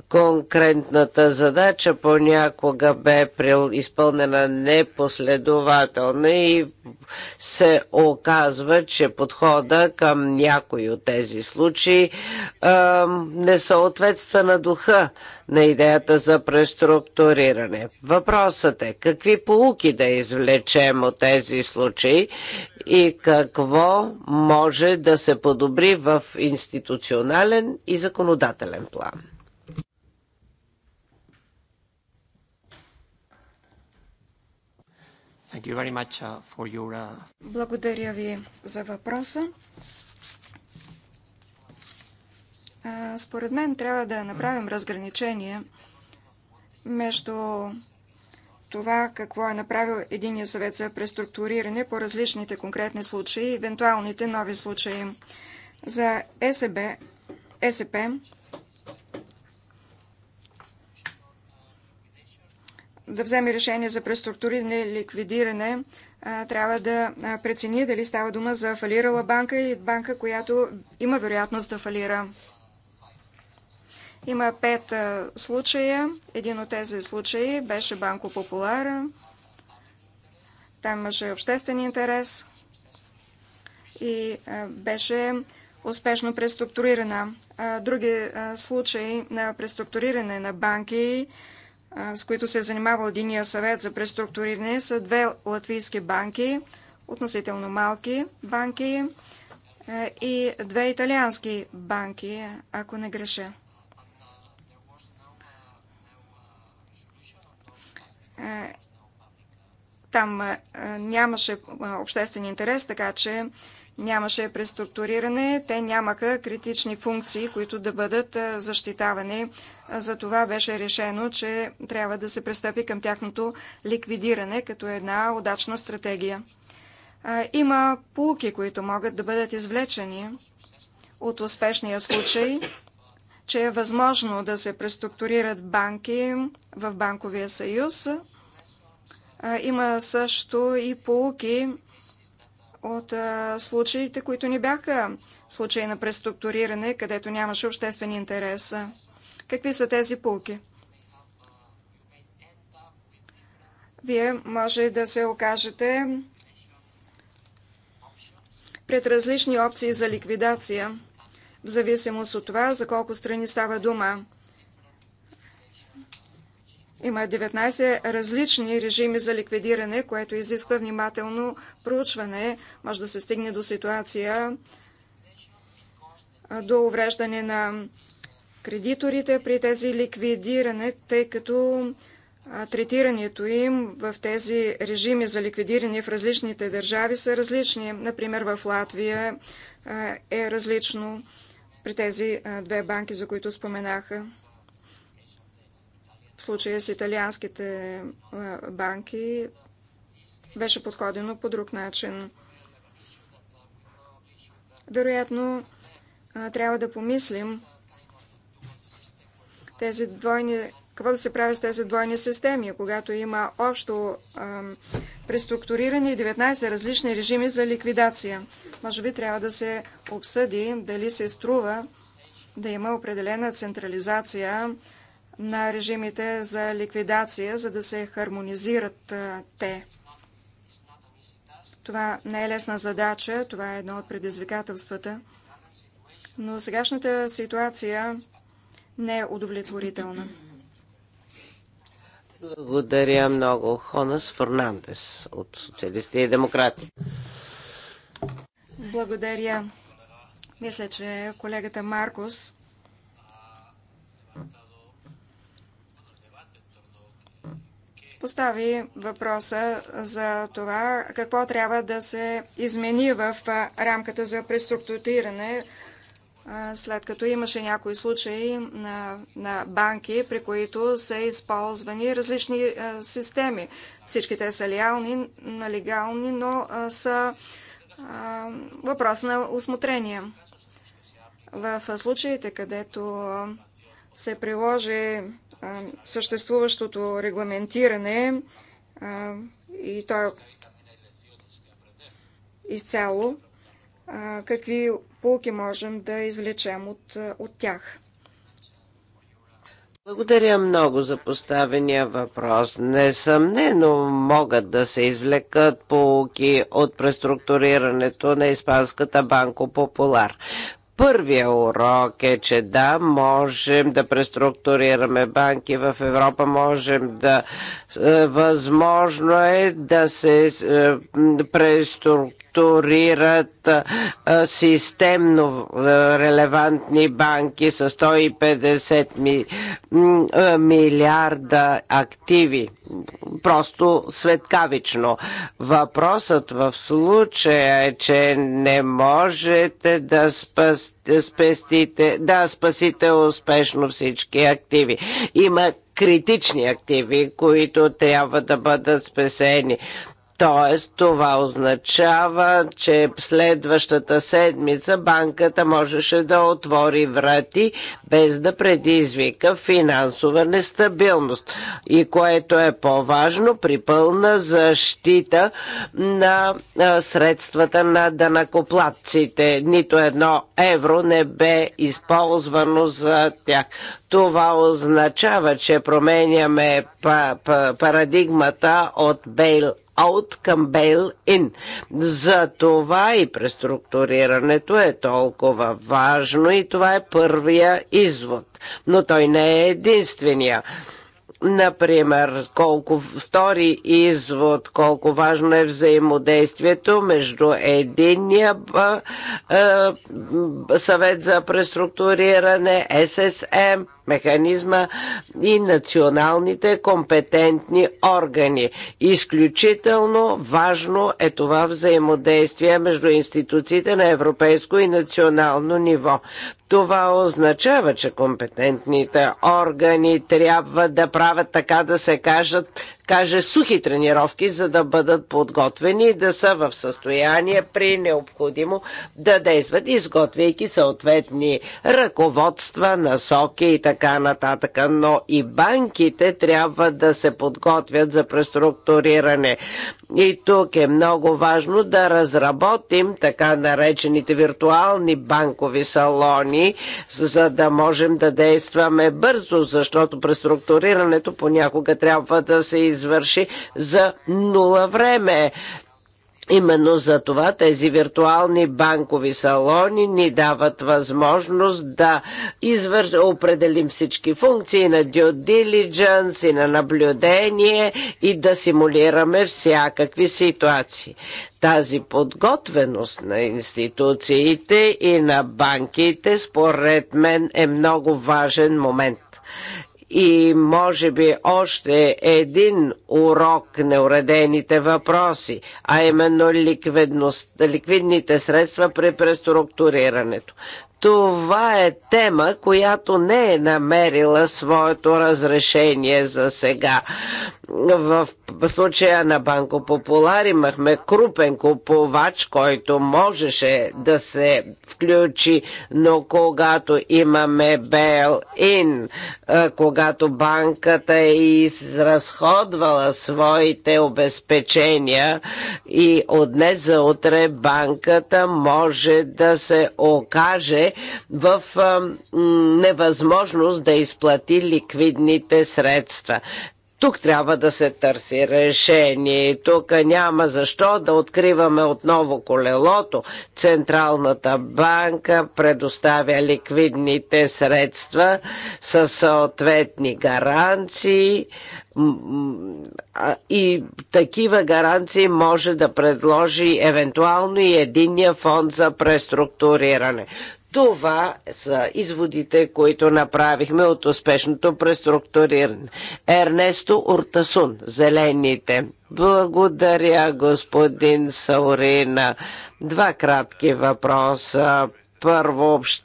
конкретната задача понякога бе изпълнена непоследователно и се оказва, че подхода към някои от тези случаи а, не съответства на духа на идеята за преструктуриране. Въпросът е какви полуки да извлечем от тези случаи и какво може да се подобри в институционален и законодателен план. Much, uh, your... Uh, Благодаря ви за въпроса. А, според мен трябва да направим разграничение между това какво е направил Единия съвет за преструктуриране по различните конкретни случаи и евентуалните нови случаи. За СБ, СП да вземе решение за преструктуриране или ликвидиране, трябва да прецени дали става дума за фалирала банка и банка, която има вероятност да фалира. Има пет случая. Един от тези случаи беше Банко Популара. Там имаше обществен интерес и беше успешно преструктурирана. Други случаи на преструктуриране на банки с които се е занимавал Единия съвет за преструктуриране, са две латвийски банки, относително малки банки е, и две италиански банки, ако не греша. Е, там е, нямаше обществен интерес, така че нямаше преструктуриране, те нямаха критични функции, които да бъдат защитавани. Затова беше решено, че трябва да се пристъпи към тяхното ликвидиране като една удачна стратегия. Има полуки, които могат да бъдат извлечени от успешния случай, че е възможно да се преструктурират банки в Банковия съюз. Има също и полуки, от а, случаите, които ни бяха случаи на преструктуриране, където нямаше обществен интерес. Какви са тези пулки? Вие може да се окажете пред различни опции за ликвидация, в зависимост от това, за колко страни става дума. Има 19 различни режими за ликвидиране, което изисква внимателно проучване. Може да се стигне до ситуация до увреждане на кредиторите при тези ликвидиране, тъй като третирането им в тези режими за ликвидиране в различните държави са различни. Например, в Латвия е различно при тези две банки, за които споменаха в случая с италианските е, банки беше подходено по друг начин. Вероятно, трябва да помислим тези двойни, какво да се прави с тези двойни системи, когато има общо преструктурирани 19 различни режими за ликвидация. Може би трябва да се обсъди дали се струва да има определена централизация на режимите за ликвидация, за да се хармонизират те. Това не е лесна задача, това е едно от предизвикателствата, но сегашната ситуация не е удовлетворителна. Благодаря много. Хонас Фернандес от Социалисти и Демократи. Благодаря. Мисля, че колегата Маркос постави въпроса за това какво трябва да се измени в рамката за преструктуриране, след като имаше някои случаи на, на банки, при които са използвани различни системи. Всички те са лиални, легални, но са въпрос на осмотрение. В случаите, където се приложи съществуващото регламентиране и то е изцяло, какви полки можем да извлечем от, от тях. Благодаря много за поставения въпрос. Несъмнено могат да се извлекат полуки от преструктурирането на Испанската банко Популар. Първия урок е, че да, можем да преструктурираме банки в Европа, можем да... Е, възможно е да се е, преструктурираме структурират системно релевантни банки с 150 милиарда активи. Просто светкавично. Въпросът в случая е, че не можете да спасите, спестите, да спасите успешно всички активи. Има критични активи, които трябва да бъдат спасени. Тоест, това означава, че следващата седмица банката можеше да отвори врати без да предизвика финансова нестабилност. И което е по-важно, при пълна защита на средствата на данакоплатците. Нито едно евро не бе използвано за тях. Това означава, че променяме парадигмата от бейл out към bail-in. За това и преструктурирането е толкова важно и това е първия извод. Но той не е единствения например, колко втори извод, колко важно е взаимодействието между единия а, а, съвет за преструктуриране, ССМ, механизма и националните компетентни органи. Изключително важно е това взаимодействие между институциите на европейско и национално ниво. Това означава, че компетентните органи трябва да правят така да се кажат каже, сухи тренировки, за да бъдат подготвени и да са в състояние при необходимо да действат, изготвяйки съответни ръководства, насоки и така нататък. Но и банките трябва да се подготвят за преструктуриране. И тук е много важно да разработим така наречените виртуални банкови салони, за да можем да действаме бързо, защото преструктурирането понякога трябва да се изглежда извърши за нула време. Именно за това тези виртуални банкови салони ни дават възможност да извърш... определим всички функции на due diligence и на наблюдение и да симулираме всякакви ситуации. Тази подготвеност на институциите и на банките според мен е много важен момент. И може би още един урок неуредените въпроси, а именно ликвидност, ликвидните средства при преструктурирането. Това е тема, която не е намерила своето разрешение за сега. В случая на Банко Популар имахме крупен купувач, който можеше да се включи, но когато имаме Бел ин когато банката е изразходвала своите обезпечения и от днес за утре банката може да се окаже а, в невъзможност да изплати ликвидните средства. Тук трябва да се търси решение. Тук няма защо да откриваме отново колелото. Централната банка предоставя ликвидните средства със съответни гаранции и такива гаранции може да предложи евентуално и единния фонд за преструктуриране. Това са изводите, които направихме от успешното преструктуриране. Ернесто Уртасун, Зелените. Благодаря, господин Саурина. Два кратки въпроса. Първо, общ...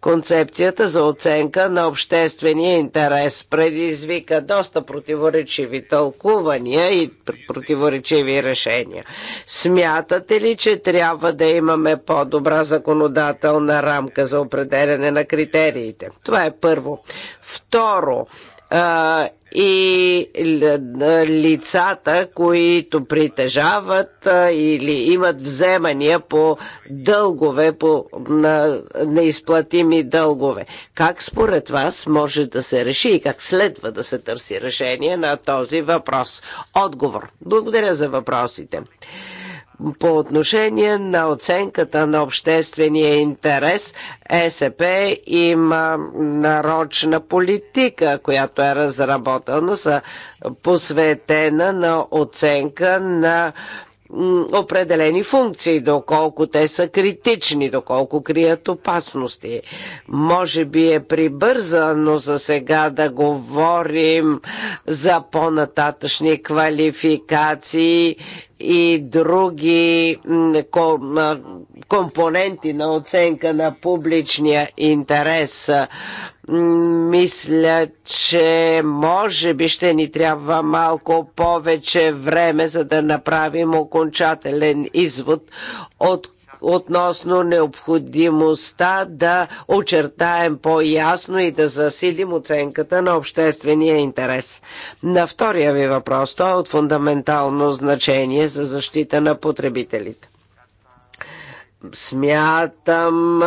концепцията за оценка на обществения интерес предизвика доста противоречиви тълкувания и противоречиви решения. Смятате ли, че трябва да имаме по-добра законодателна рамка за определене на критериите? Това е първо. Второ, и лицата, които притежават или имат вземания по дългове, по на неизплатими дългове. Как според вас може да се реши и как следва да се търси решение на този въпрос? Отговор. Благодаря за въпросите по отношение на оценката на обществения интерес, ЕСП има нарочна политика, която е разработена, са посветена на оценка на определени функции, доколко те са критични, доколко крият опасности. Може би е прибързано за сега да говорим за по-нататъчни квалификации и други компоненти на оценка на публичния интерес. Мисля, че може би ще ни трябва малко повече време, за да направим окончателен извод от относно необходимостта да очертаем по-ясно и да засилим оценката на обществения интерес. На втория ви въпрос, той е от фундаментално значение за защита на потребителите. Смятам,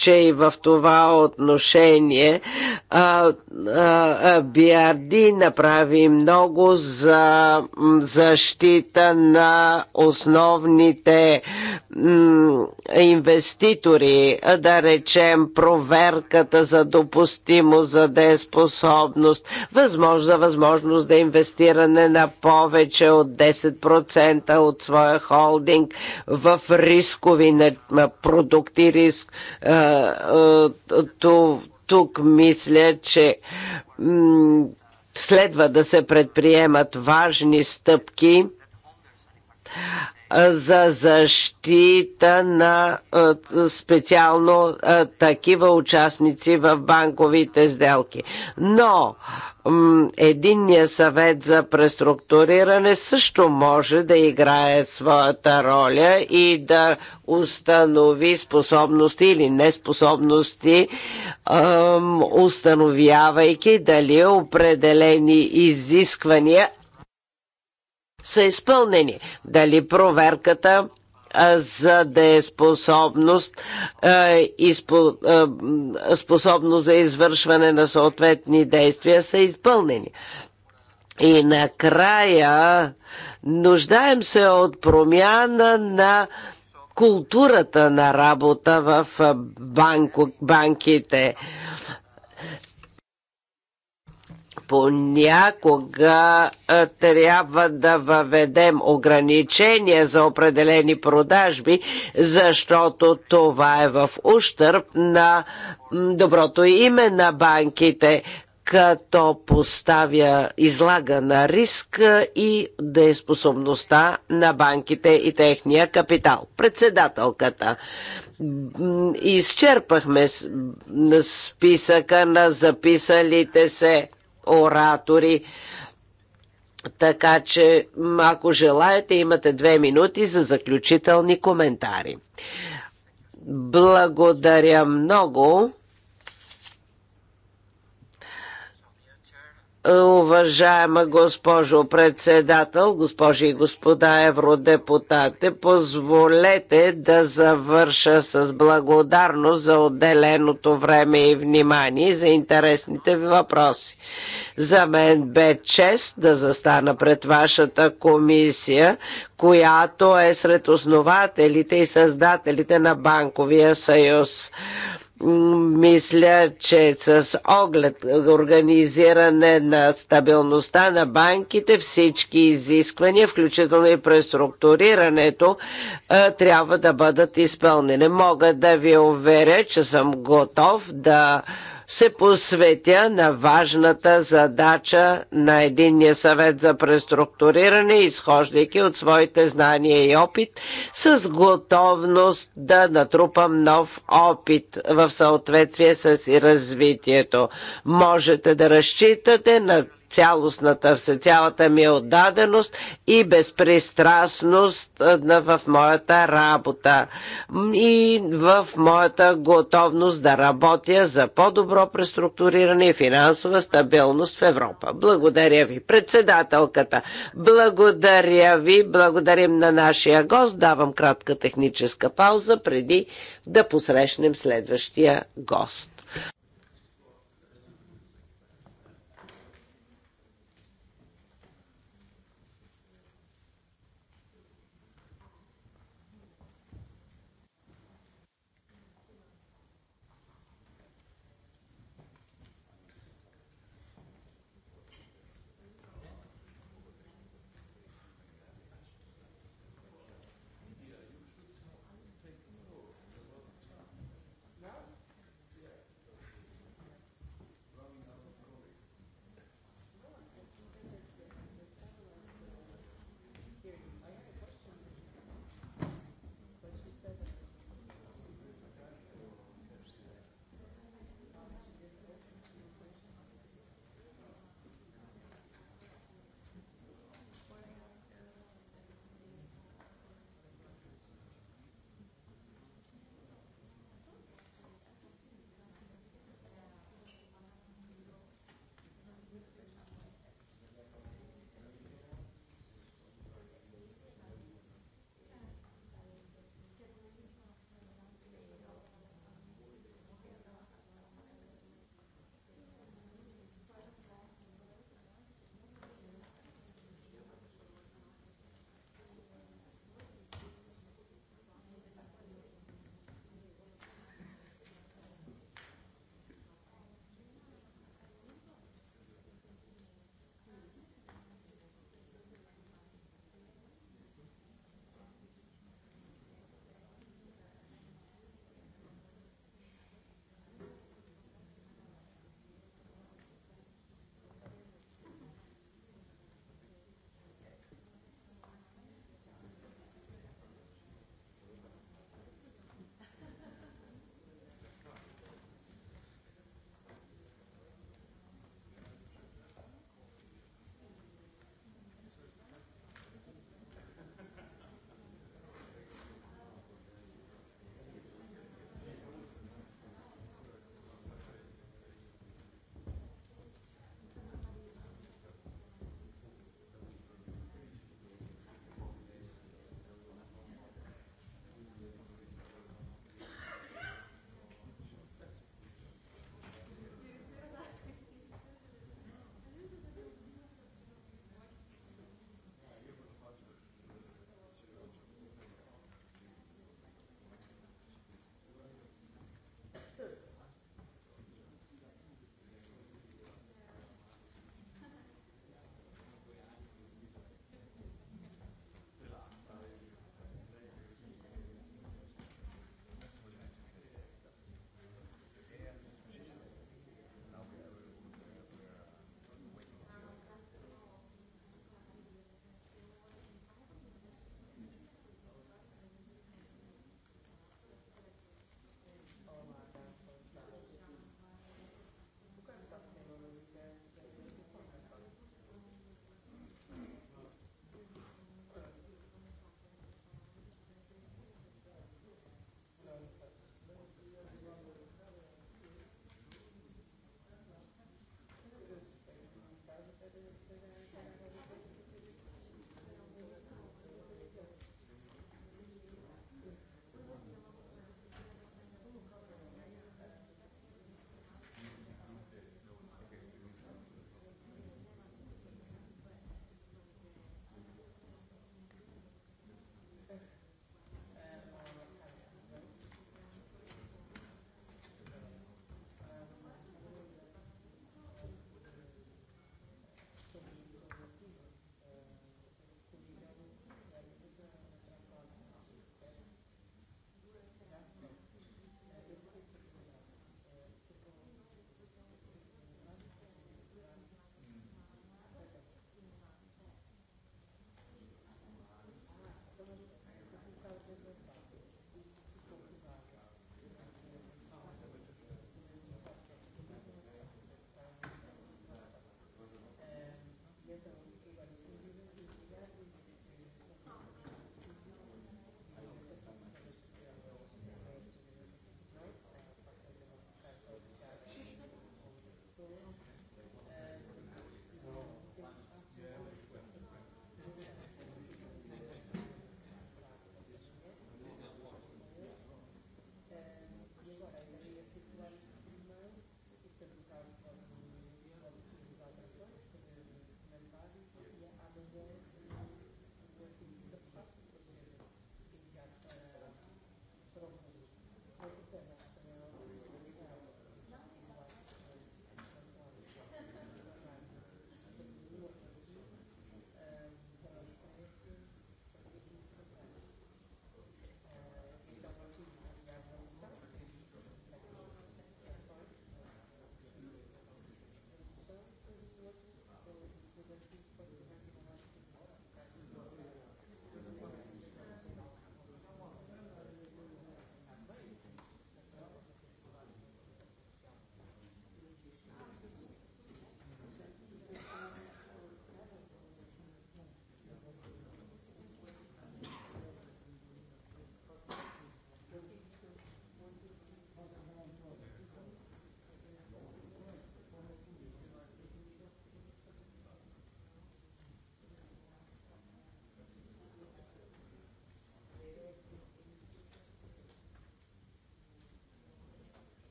че и в това отношение а, а, Биарди направи много за защита на основните инвеститори, да речем проверката за допустимост, за дееспособност, за възможност да инвестиране на повече от 10% от своя холдинг в рискови продукти, риск, а, е, е, тук мисля, че следва да се предприемат важни стъпки за защита на специално такива участници в банковите сделки. Но Единният съвет за преструктуриране също може да играе своята роля и да установи способности или неспособности, установявайки дали определени изисквания са изпълнени. Дали проверката за дееспособност, способност за извършване на съответни действия са изпълнени. И накрая нуждаем се от промяна на културата на работа в банко, банките понякога а, трябва да въведем ограничения за определени продажби, защото това е в ущърп на доброто име на банките, като поставя, излага на риск и дееспособността на банките и техния капитал. Председателката. Изчерпахме списъка на записалите се оратори. Така че, ако желаете, имате две минути за заключителни коментари. Благодаря много. Уважаема госпожо председател, госпожи и господа евродепутате, позволете да завърша с благодарност за отделеното време и внимание и за интересните ви въпроси. За мен бе чест да застана пред вашата комисия, която е сред основателите и създателите на Банковия съюз мисля, че с оглед организиране на стабилността на банките, всички изисквания, включително и преструктурирането, трябва да бъдат изпълнени. Мога да ви уверя, че съм готов да се посветя на важната задача на Единния съвет за преструктуриране, изхождайки от своите знания и опит, с готовност да натрупам нов опит в съответствие с развитието. Можете да разчитате на цялостната, всецялата ми отдаденост и безпристрастност в моята работа и в моята готовност да работя за по-добро преструктуриране и финансова стабилност в Европа. Благодаря ви, председателката. Благодаря ви, благодарим на нашия гост. Давам кратка техническа пауза преди да посрещнем следващия гост.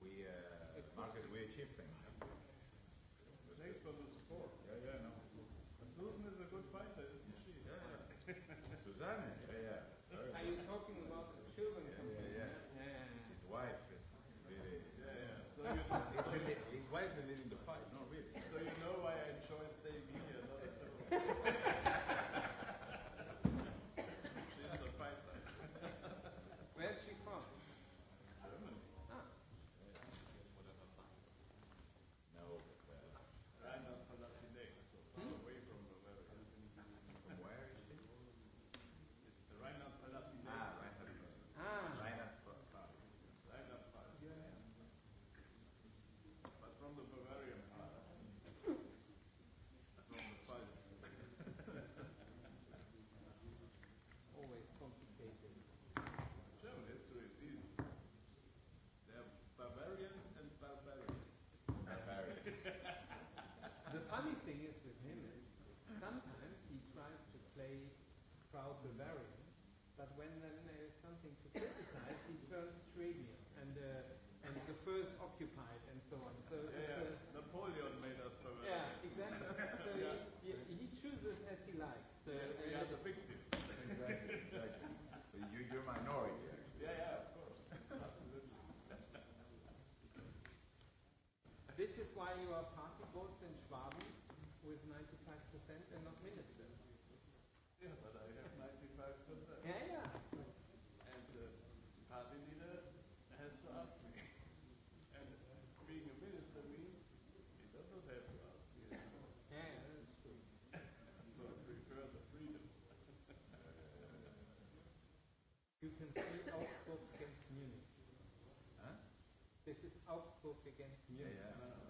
We, uh, market we achieve things. Thanks for the support. Yeah, yeah, no. And Susan is a good fighter, isn't she? Yeah, yeah. Susanne, yeah, yeah. why your party votes in Schwaben with 95% and not minister. Yeah, but I have 95%. Yeah, yeah. And the party leader has to ask me. And being a minister means he does not have to ask me anymore. Yeah, yeah, that's true. so I prefer the freedom. you can see Augsburg against Munich. Huh? This is Augsburg against Munich. Yeah, yeah.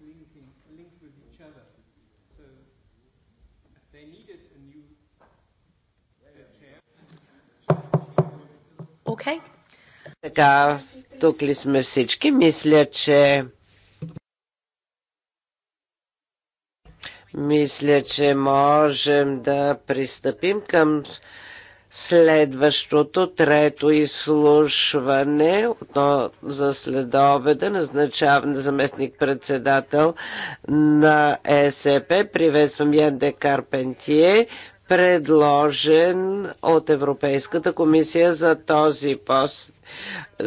linking, linked with each other. So they needed a new uh, Okay. Така, тук ли сме всички? Мисля, че мисля, че можем да пристъпим към Следващото, трето изслушване но за следобеда назначавам заместник-председател на ЕСП. Приветствам Ян де Карпентие, предложен от Европейската комисия за този пост е,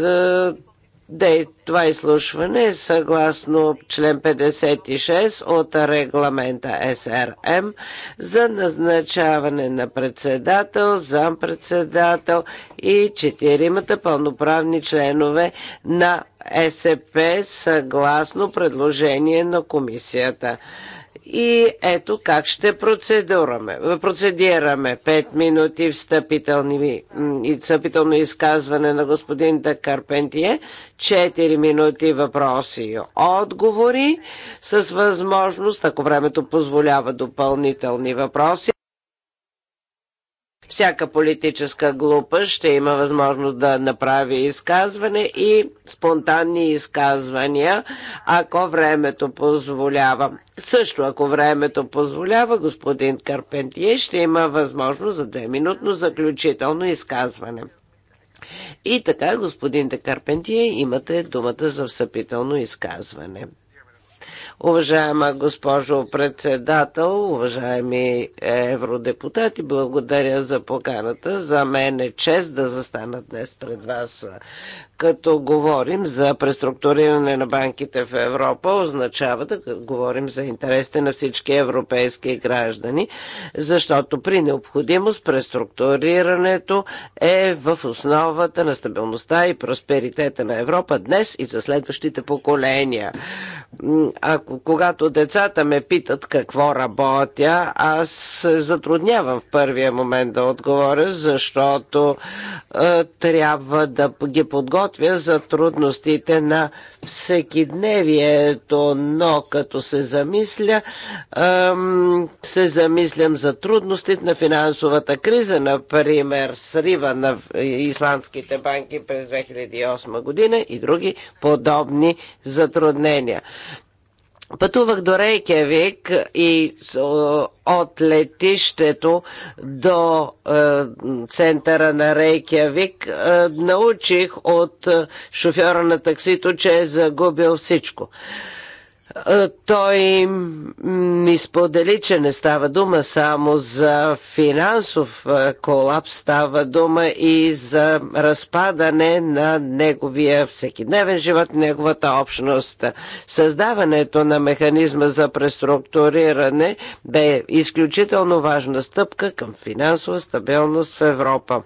е това изслушване е съгласно член 56 от регламента СРМ за назначаване на председател, зампредседател и четиримата пълноправни членове на СП е съгласно предложение на комисията. И ето как ще процедураме. Процедираме 5 минути встъпителни, встъпително изказване на господин Дакарпентие, 4 минути въпроси и отговори, с възможност, ако времето позволява, допълнителни въпроси. Всяка политическа глупа ще има възможност да направи изказване и спонтанни изказвания, ако времето позволява. Също, ако времето позволява, господин Карпентие ще има възможност за двеминутно заключително изказване. И така, господин Де Карпентие, имате думата за всъпително изказване. Уважаема госпожо председател, уважаеми евродепутати, благодаря за поканата. За мен е чест да застана днес пред вас като говорим за преструктуриране на банките в Европа, означава да говорим за интересите на всички европейски граждани, защото при необходимост преструктурирането е в основата на стабилността и просперитета на Европа днес и за следващите поколения. А когато децата ме питат какво работя, аз се затруднявам в първия момент да отговоря, защото е, трябва да ги подготвя подготвя за трудностите на всекидневието, но като се замисля, се замислям за трудностите на финансовата криза, например срива на е, исландските банки през 2008 година и други подобни затруднения. Пътувах до Рейкевик и от летището до е, центъра на Рейкевик е, научих от е, шофьора на таксито, че е загубил всичко. Е, той ми сподели, че не става дума само за финансов е, колапс, става дума и за разпадане на неговия всекидневен живот, неговата общност. Създаването на механизма за преструктуриране бе изключително важна стъпка към финансова стабилност в Европа.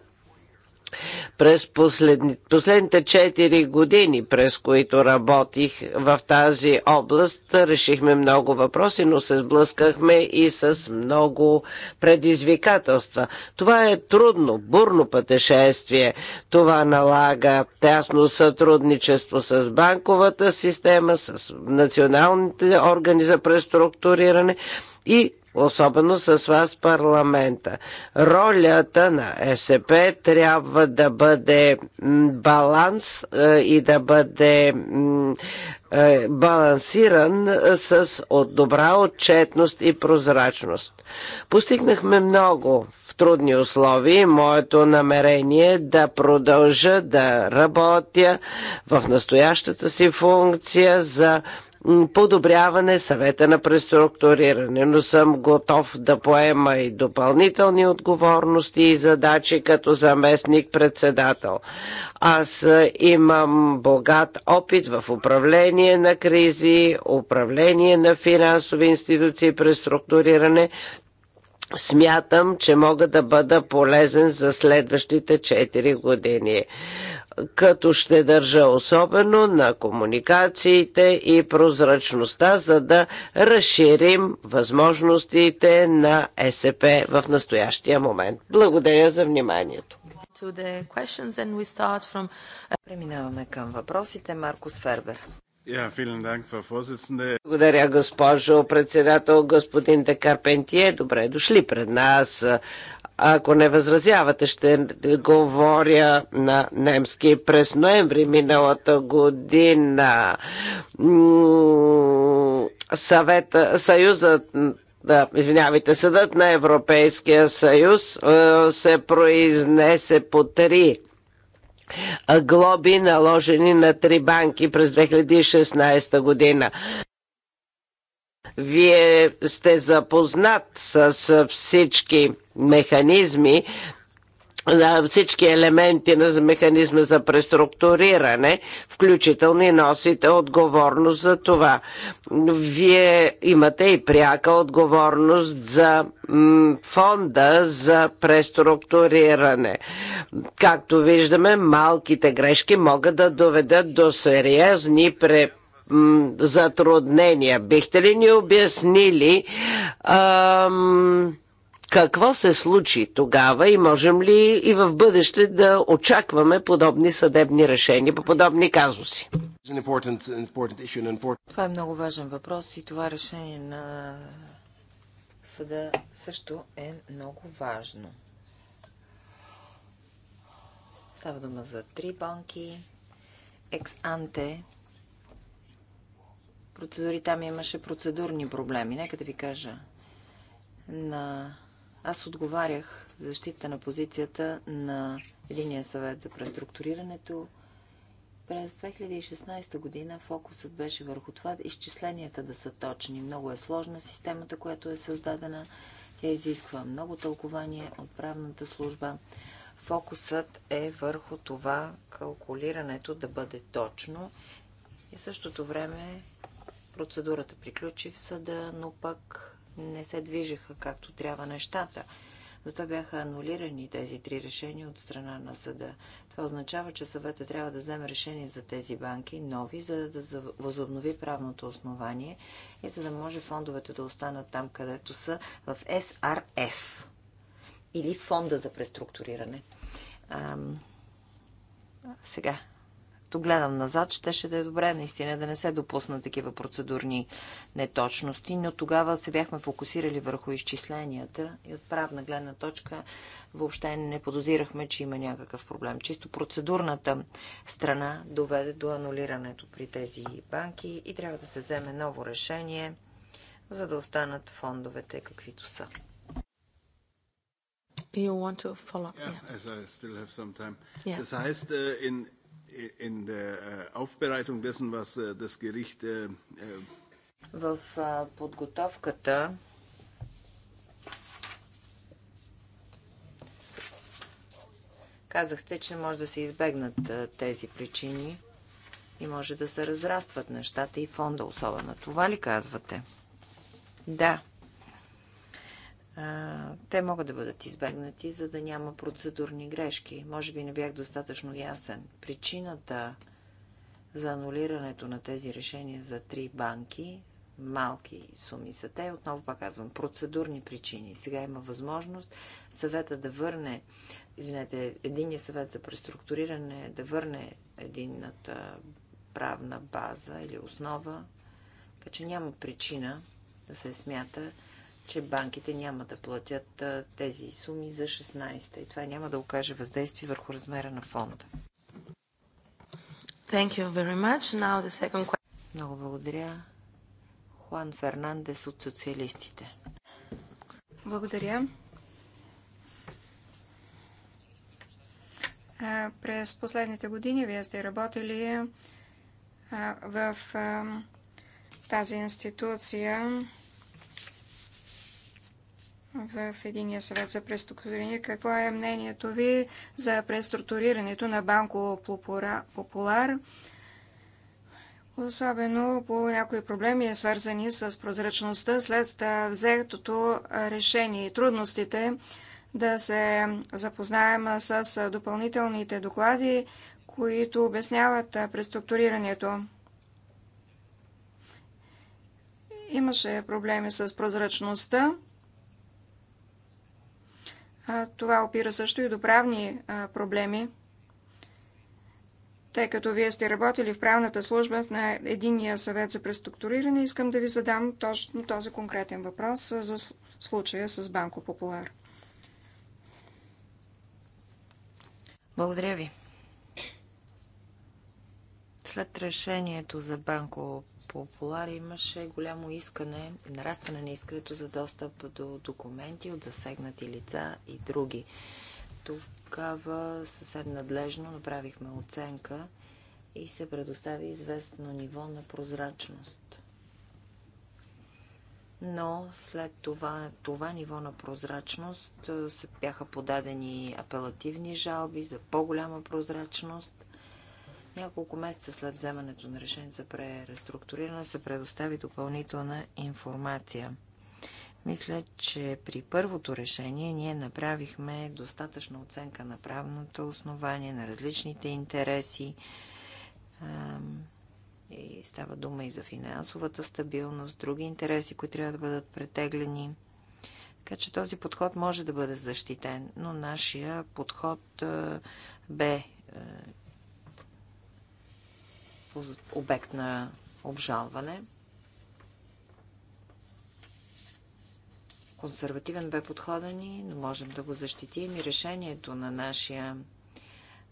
През последните 4 години, през които работих в тази област, решихме много въпроси, но се сблъскахме и с много предизвикателства. Това е трудно, бурно пътешествие. Това налага тясно сътрудничество с банковата система, с националните органи за преструктуриране и особено с вас парламента. Ролята на СП трябва да бъде баланс е, и да бъде е, балансиран е, с от добра отчетност и прозрачност. Постигнахме много трудни условия. Моето намерение е да продължа да работя в настоящата си функция за подобряване съвета на преструктуриране, но съм готов да поема и допълнителни отговорности и задачи като заместник-председател. Аз имам богат опит в управление на кризи, управление на финансови институции, преструктуриране, Смятам, че мога да бъда полезен за следващите 4 години като ще държа особено на комуникациите и прозрачността, за да разширим възможностите на СП в настоящия момент. Благодаря за вниманието. From... Uh, Преминаваме към въпросите. Маркус Фербер. Благодаря, госпожо председател, господин Декарпентие. Добре дошли пред нас. Ако не възразявате, ще говоря на немски. През ноември миналата година Съвет, съюзът да, извинявайте, съдът на Европейския съюз е, се произнесе по три глоби, наложени на три банки през 2016 година. Вие сте запознат с всички механизми, всички елементи на механизма за преструктуриране, включително и носите отговорност за това. Вие имате и пряка отговорност за фонда за преструктуриране. Както виждаме, малките грешки могат да доведат до сериозни пре затруднения. Бихте ли ни обяснили какво се случи тогава и можем ли и в бъдеще да очакваме подобни съдебни решения по подобни казуси? Това е много важен въпрос и това решение на съда също е много важно. Става дума за три банки, екс-анте. Процедури там имаше процедурни проблеми. Нека да ви кажа. На аз отговарях за защита на позицията на Единия съвет за преструктурирането. През 2016 година фокусът беше върху това изчисленията да са точни. Много е сложна системата, която е създадена. Тя изисква много тълкование от правната служба. Фокусът е върху това калкулирането да бъде точно и същото време процедурата приключи в съда, но пък не се движеха както трябва нещата. Затова бяха анулирани тези три решения от страна на съда. Това означава, че съвета трябва да вземе решение за тези банки, нови, за да възобнови правното основание и за да може фондовете да останат там, където са, в СРФ или Фонда за преструктуриране. Ам... Сега, като гледам назад, щеше да е добре наистина да не се допуснат такива процедурни неточности, но тогава се бяхме фокусирали върху изчисленията и от правна гледна точка въобще не подозирахме, че има някакъв проблем. Чисто процедурната страна доведе до анулирането при тези банки и трябва да се вземе ново решение, за да останат фондовете каквито са. You want to follow up? Yeah, yeah. as I still have some time. Yes. Das heißt, uh, in, in der äh, Aufbereitung dessen, was äh, das Gericht äh, в подготовката казахте, че може да се избегнат тези причини и може да се разрастват нещата и фонда особено. Това ли казвате? Да те могат да бъдат избегнати, за да няма процедурни грешки. Може би не бях достатъчно ясен. Причината за анулирането на тези решения за три банки, малки суми са те, отново пак казвам, процедурни причини. Сега има възможност съвета да върне, извинете, единия съвет за преструктуриране, да върне единната правна база или основа, така че няма причина да се смята, че банките няма да платят тези суми за 16-та и това няма да окаже въздействие върху размера на фонда. Thank you very much. Now the second question. Много благодаря. Хуан Фернандес от социалистите. Благодаря. През последните години вие сте работили в тази институция в единия съвет за преструктуриране. Какво е мнението ви за преструктурирането на Банко Популар? Особено по някои проблеми, свързани с прозрачността след взетото решение и трудностите да се запознаем с допълнителните доклади, които обясняват преструктурирането. Имаше проблеми с прозрачността това опира също и до правни проблеми, тъй като вие сте работили в правната служба на Единия съвет за преструктуриране. Искам да ви задам точно този конкретен въпрос за случая с Банко Популар. Благодаря ви. След решението за Банко Популяр имаше голямо искане, нарастване на искането за достъп до документи от засегнати лица и други. Тогава съвсем надлежно направихме оценка и се предостави известно ниво на прозрачност. Но след това, това ниво на прозрачност се бяха подадени апелативни жалби за по-голяма прозрачност няколко месеца след вземането на решение за преструктуриране се предостави допълнителна информация. Мисля, че при първото решение ние направихме достатъчна оценка на правното основание, на различните интереси. И става дума и за финансовата стабилност, други интереси, които трябва да бъдат претеглени. Така че този подход може да бъде защитен, но нашия подход бе обект на обжалване. Консервативен бе подхода ни, но можем да го защитим и решението на нашия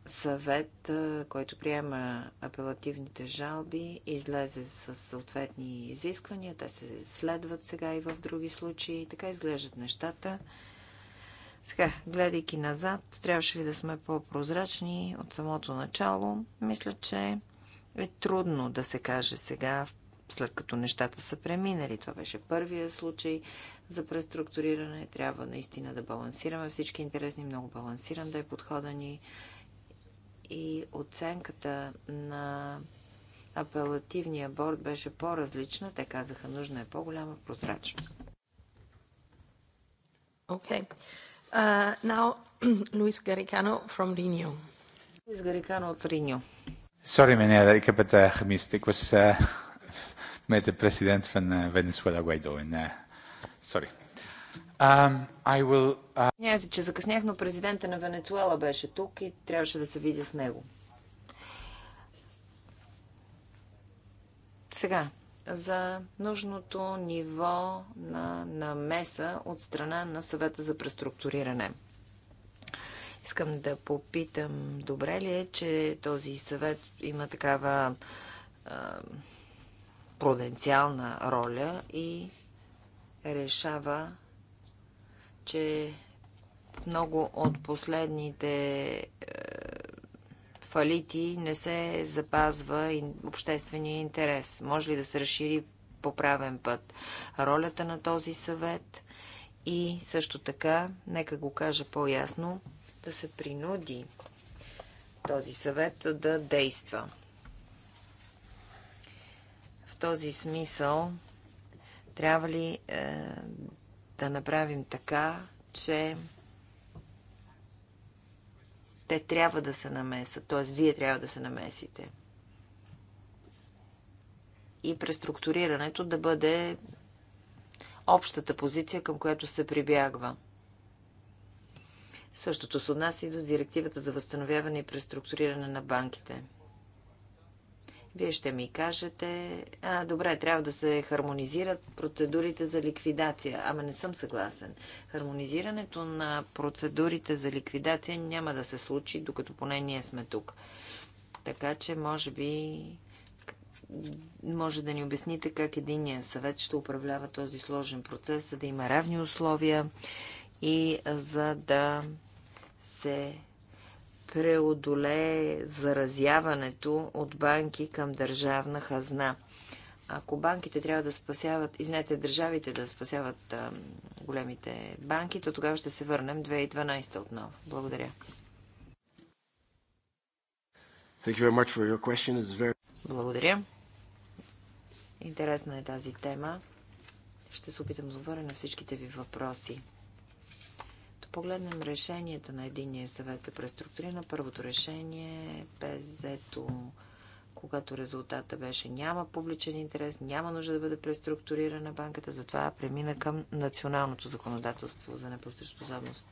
съвет, който приема апелативните жалби, излезе с съответни изисквания. Те се следват сега и в други случаи. Така изглеждат нещата. Сега, гледайки назад, трябваше ли да сме по-прозрачни от самото начало? Мисля, че е трудно да се каже сега, след като нещата са преминали. Това беше първия случай за преструктуриране. Трябва наистина да балансираме всички интересни, много балансиран да е подхода ни. И оценката на апелативния борт беше по-различна. Те казаха, нужна е по-голяма прозрачност. Okay. Uh, now, Luis Garicano from Renew. Luis Garicano от Renew. Sorry meneer, ik heb het uh, gemist. Ik was uh, met de president van uh, Venezuela, Guaido. En, uh, sorry. Um, I will, uh... Не, че закъснях, но президента на Венецуела беше тук и трябваше да се видя с него. Сега, за нужното ниво на намеса от страна на съвета за преструктуриране – Искам да попитам, добре ли е, че този съвет има такава а, пруденциална роля и решава, че много от последните а, фалити не се запазва и обществения интерес. Може ли да се разшири по правен път ролята на този съвет? И също така, нека го кажа по-ясно, да се принуди този съвет да действа. В този смисъл трябва ли е, да направим така, че те трябва да се намесат, т.е. вие трябва да се намесите. И преструктурирането да бъде общата позиция, към която се прибягва. Същото се отнася и до директивата за възстановяване и преструктуриране на банките. Вие ще ми кажете, а, добре, трябва да се хармонизират процедурите за ликвидация. Ама не съм съгласен. Хармонизирането на процедурите за ликвидация няма да се случи, докато поне ние сме тук. Така че, може би, може да ни обясните как единия съвет ще управлява този сложен процес, за да има равни условия и за да се преодолее заразяването от банки към държавна хазна. Ако банките трябва да спасяват, извинете, държавите да спасяват а, големите банки, то тогава ще се върнем 2012 отново. Благодаря. Very... Благодаря. Интересна е тази тема. Ще се опитам да отговоря на всичките ви въпроси погледнем решенията на единия съвет за преструктуриране, първото решение бе взето когато резултата беше няма публичен интерес, няма нужда да бъде преструктурирана банката, затова премина към националното законодателство за неплатежоспособност.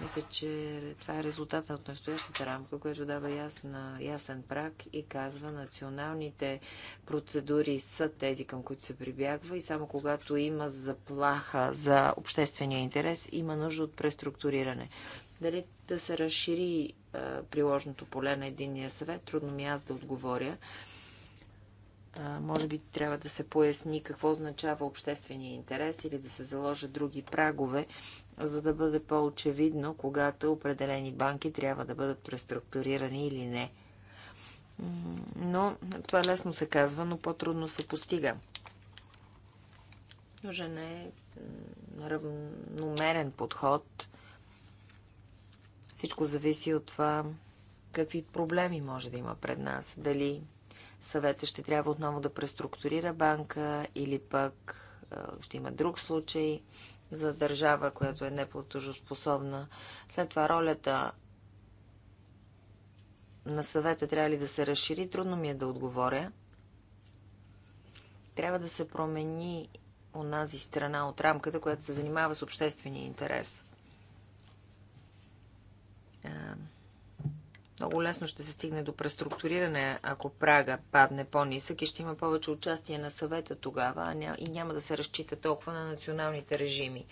Мисля, че това е резултата от настоящата рамка, която дава ясна, ясен прак и казва националните процедури са тези, към които се прибягва и само когато има заплаха за обществения интерес, има нужда от преструктуриране. Дали да се разшири е, приложното поле на единния съвет, трудно ми е аз да отговоря може би трябва да се поясни какво означава обществения интерес или да се заложат други прагове, за да бъде по-очевидно, когато определени банки трябва да бъдат преструктурирани или не. Но това лесно се казва, но по-трудно се постига. Нужен е равномерен подход. Всичко зависи от това какви проблеми може да има пред нас. Дали съвета ще трябва отново да преструктурира банка или пък ще има друг случай за държава, която е неплатежоспособна. След това ролята на съвета трябва ли да се разшири, трудно ми е да отговоря. Трябва да се промени онази страна от рамката, която се занимава с обществения интерес. Много лесно ще се стигне до преструктуриране, ако прага падне по-нисък и ще има повече участие на съвета тогава и няма да се разчита толкова на националните режими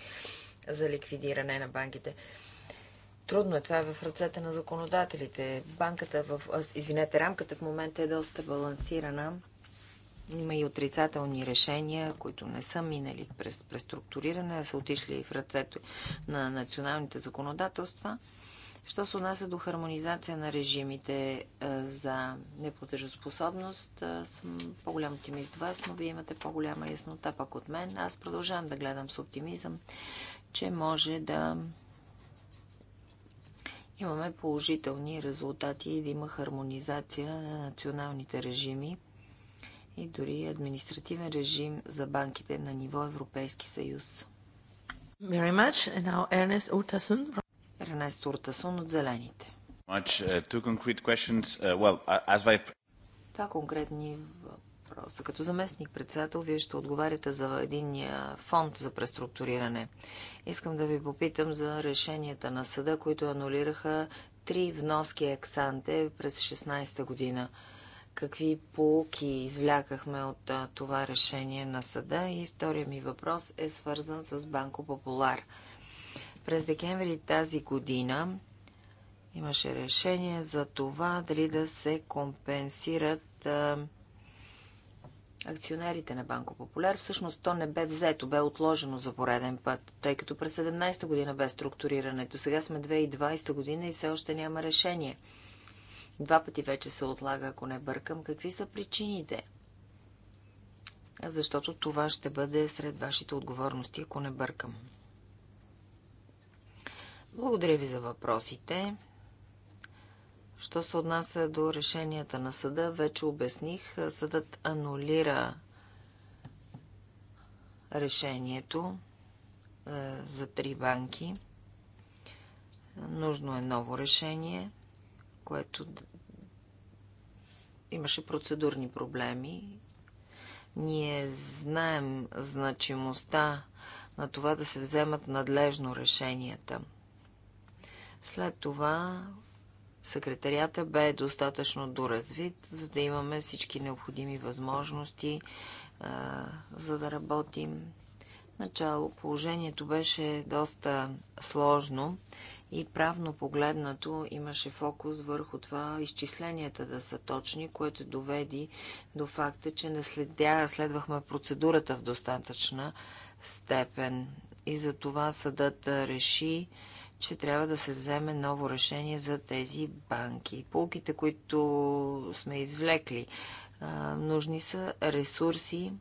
за ликвидиране на банките. Трудно е. Това е в ръцете на законодателите. Банката в... Извинете, рамката в момента е доста балансирана. Има и отрицателни решения, които не са минали през преструктуриране, а са отишли в ръцете на националните законодателства. Що се отнася до хармонизация на режимите е, за неплатежоспособност, е, съм по-голям оптимист вас, но вие имате по-голяма яснота пък от мен. Аз продължавам да гледам с оптимизъм, че може да имаме положителни резултати и да има хармонизация на националните режими и дори административен режим за банките на ниво Европейски съюз. Very much. And now Ernest от Зелените. Това uh, uh, uh, конкретни въпроса. Като заместник председател, вие ще отговаряте за един фонд за преструктуриране. Искам да ви попитам за решенията на съда, които анулираха три вноски ексанте през 16-та година. Какви полуки извлякахме от това решение на съда? И втория ми въпрос е свързан с Банко Популар. През декември тази година имаше решение за това дали да се компенсират а, акционерите на Банко Популяр. Всъщност то не бе взето, бе отложено за пореден път, тъй като през 17-та година бе структурирането. Сега сме 2020 година и все още няма решение. Два пъти вече се отлага, ако не бъркам. Какви са причините? Защото това ще бъде сред вашите отговорности, ако не бъркам. Благодаря ви за въпросите. Що се отнася до решенията на съда, вече обясних, съдът анулира решението е, за три банки. Нужно е ново решение, което имаше процедурни проблеми. Ние знаем значимостта на това да се вземат надлежно решенията – след това секретарията бе достатъчно доразвит, за да имаме всички необходими възможности, а, за да работим. Начало положението беше доста сложно и правно погледнато имаше фокус върху това изчисленията да са точни, което доведи до факта, че не следя, следвахме процедурата в достатъчна степен. И за това съдът реши, че трябва да се вземе ново решение за тези банки. Полките, които сме извлекли, нужни са ресурси,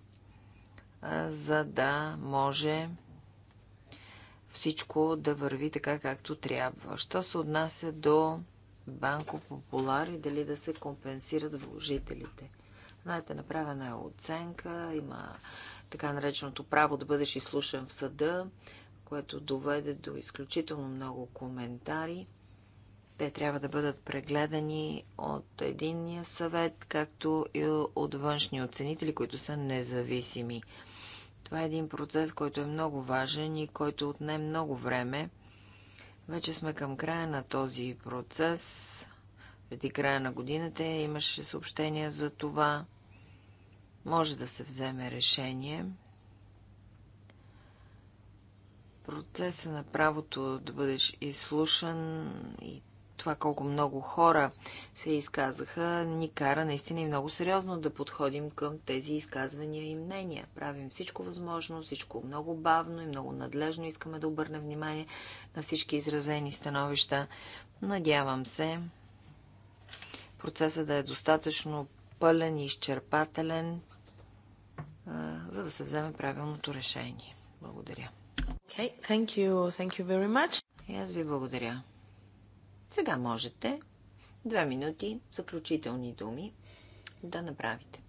за да може всичко да върви така, както трябва. Що се отнася до Банко Популар и дали да се компенсират вложителите? Знаете, направена е оценка, има така нареченото право да бъдеш изслушан в съда което доведе до изключително много коментари. Те трябва да бъдат прегледани от единния съвет, както и от външни оценители, които са независими. Това е един процес, който е много важен и който отне много време. Вече сме към края на този процес. Преди края на годината имаше съобщения за това. Може да се вземе решение процеса на правото да бъдеш изслушан и това колко много хора се изказаха, ни кара наистина и много сериозно да подходим към тези изказвания и мнения. Правим всичко възможно, всичко много бавно и много надлежно. Искаме да обърнем внимание на всички изразени становища. Надявам се процесът да е достатъчно пълен и изчерпателен, за да се вземе правилното решение. Благодаря. Okay, thank you. Thank you very much. И аз ви благодаря. Сега можете две минути заключителни думи да направите.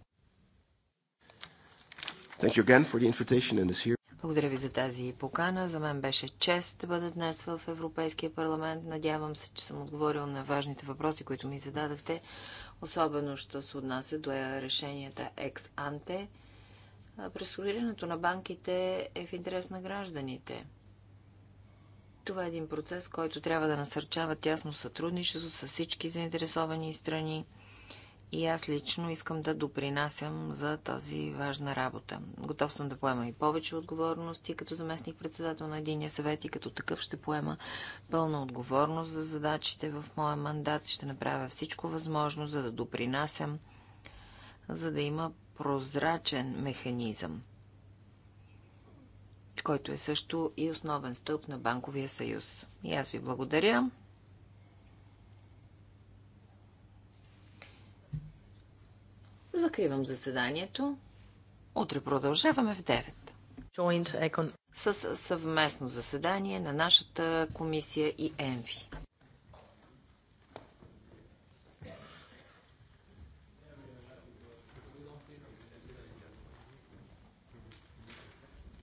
Thank you again for the invitation and this here. Благодаря ви за тази покана. За мен беше чест да бъда днес в Европейския парламент. Надявам се, че съм отговорил на важните въпроси, които ми зададахте, особено що се отнася до решенията екс-анте преструктурирането на банките е в интерес на гражданите. Това е един процес, който трябва да насърчава тясно сътрудничество с всички заинтересовани страни. И аз лично искам да допринасям за тази важна работа. Готов съм да поема и повече отговорности като заместник председател на Единия съвет и като такъв ще поема пълна отговорност за задачите в моя мандат. Ще направя всичко възможно, за да допринасям, за да има прозрачен механизъм, който е също и основен стълб на Банковия съюз. И аз ви благодаря. Закривам заседанието. Утре продължаваме в 9. С съвместно заседание на нашата комисия и ЕНВИ.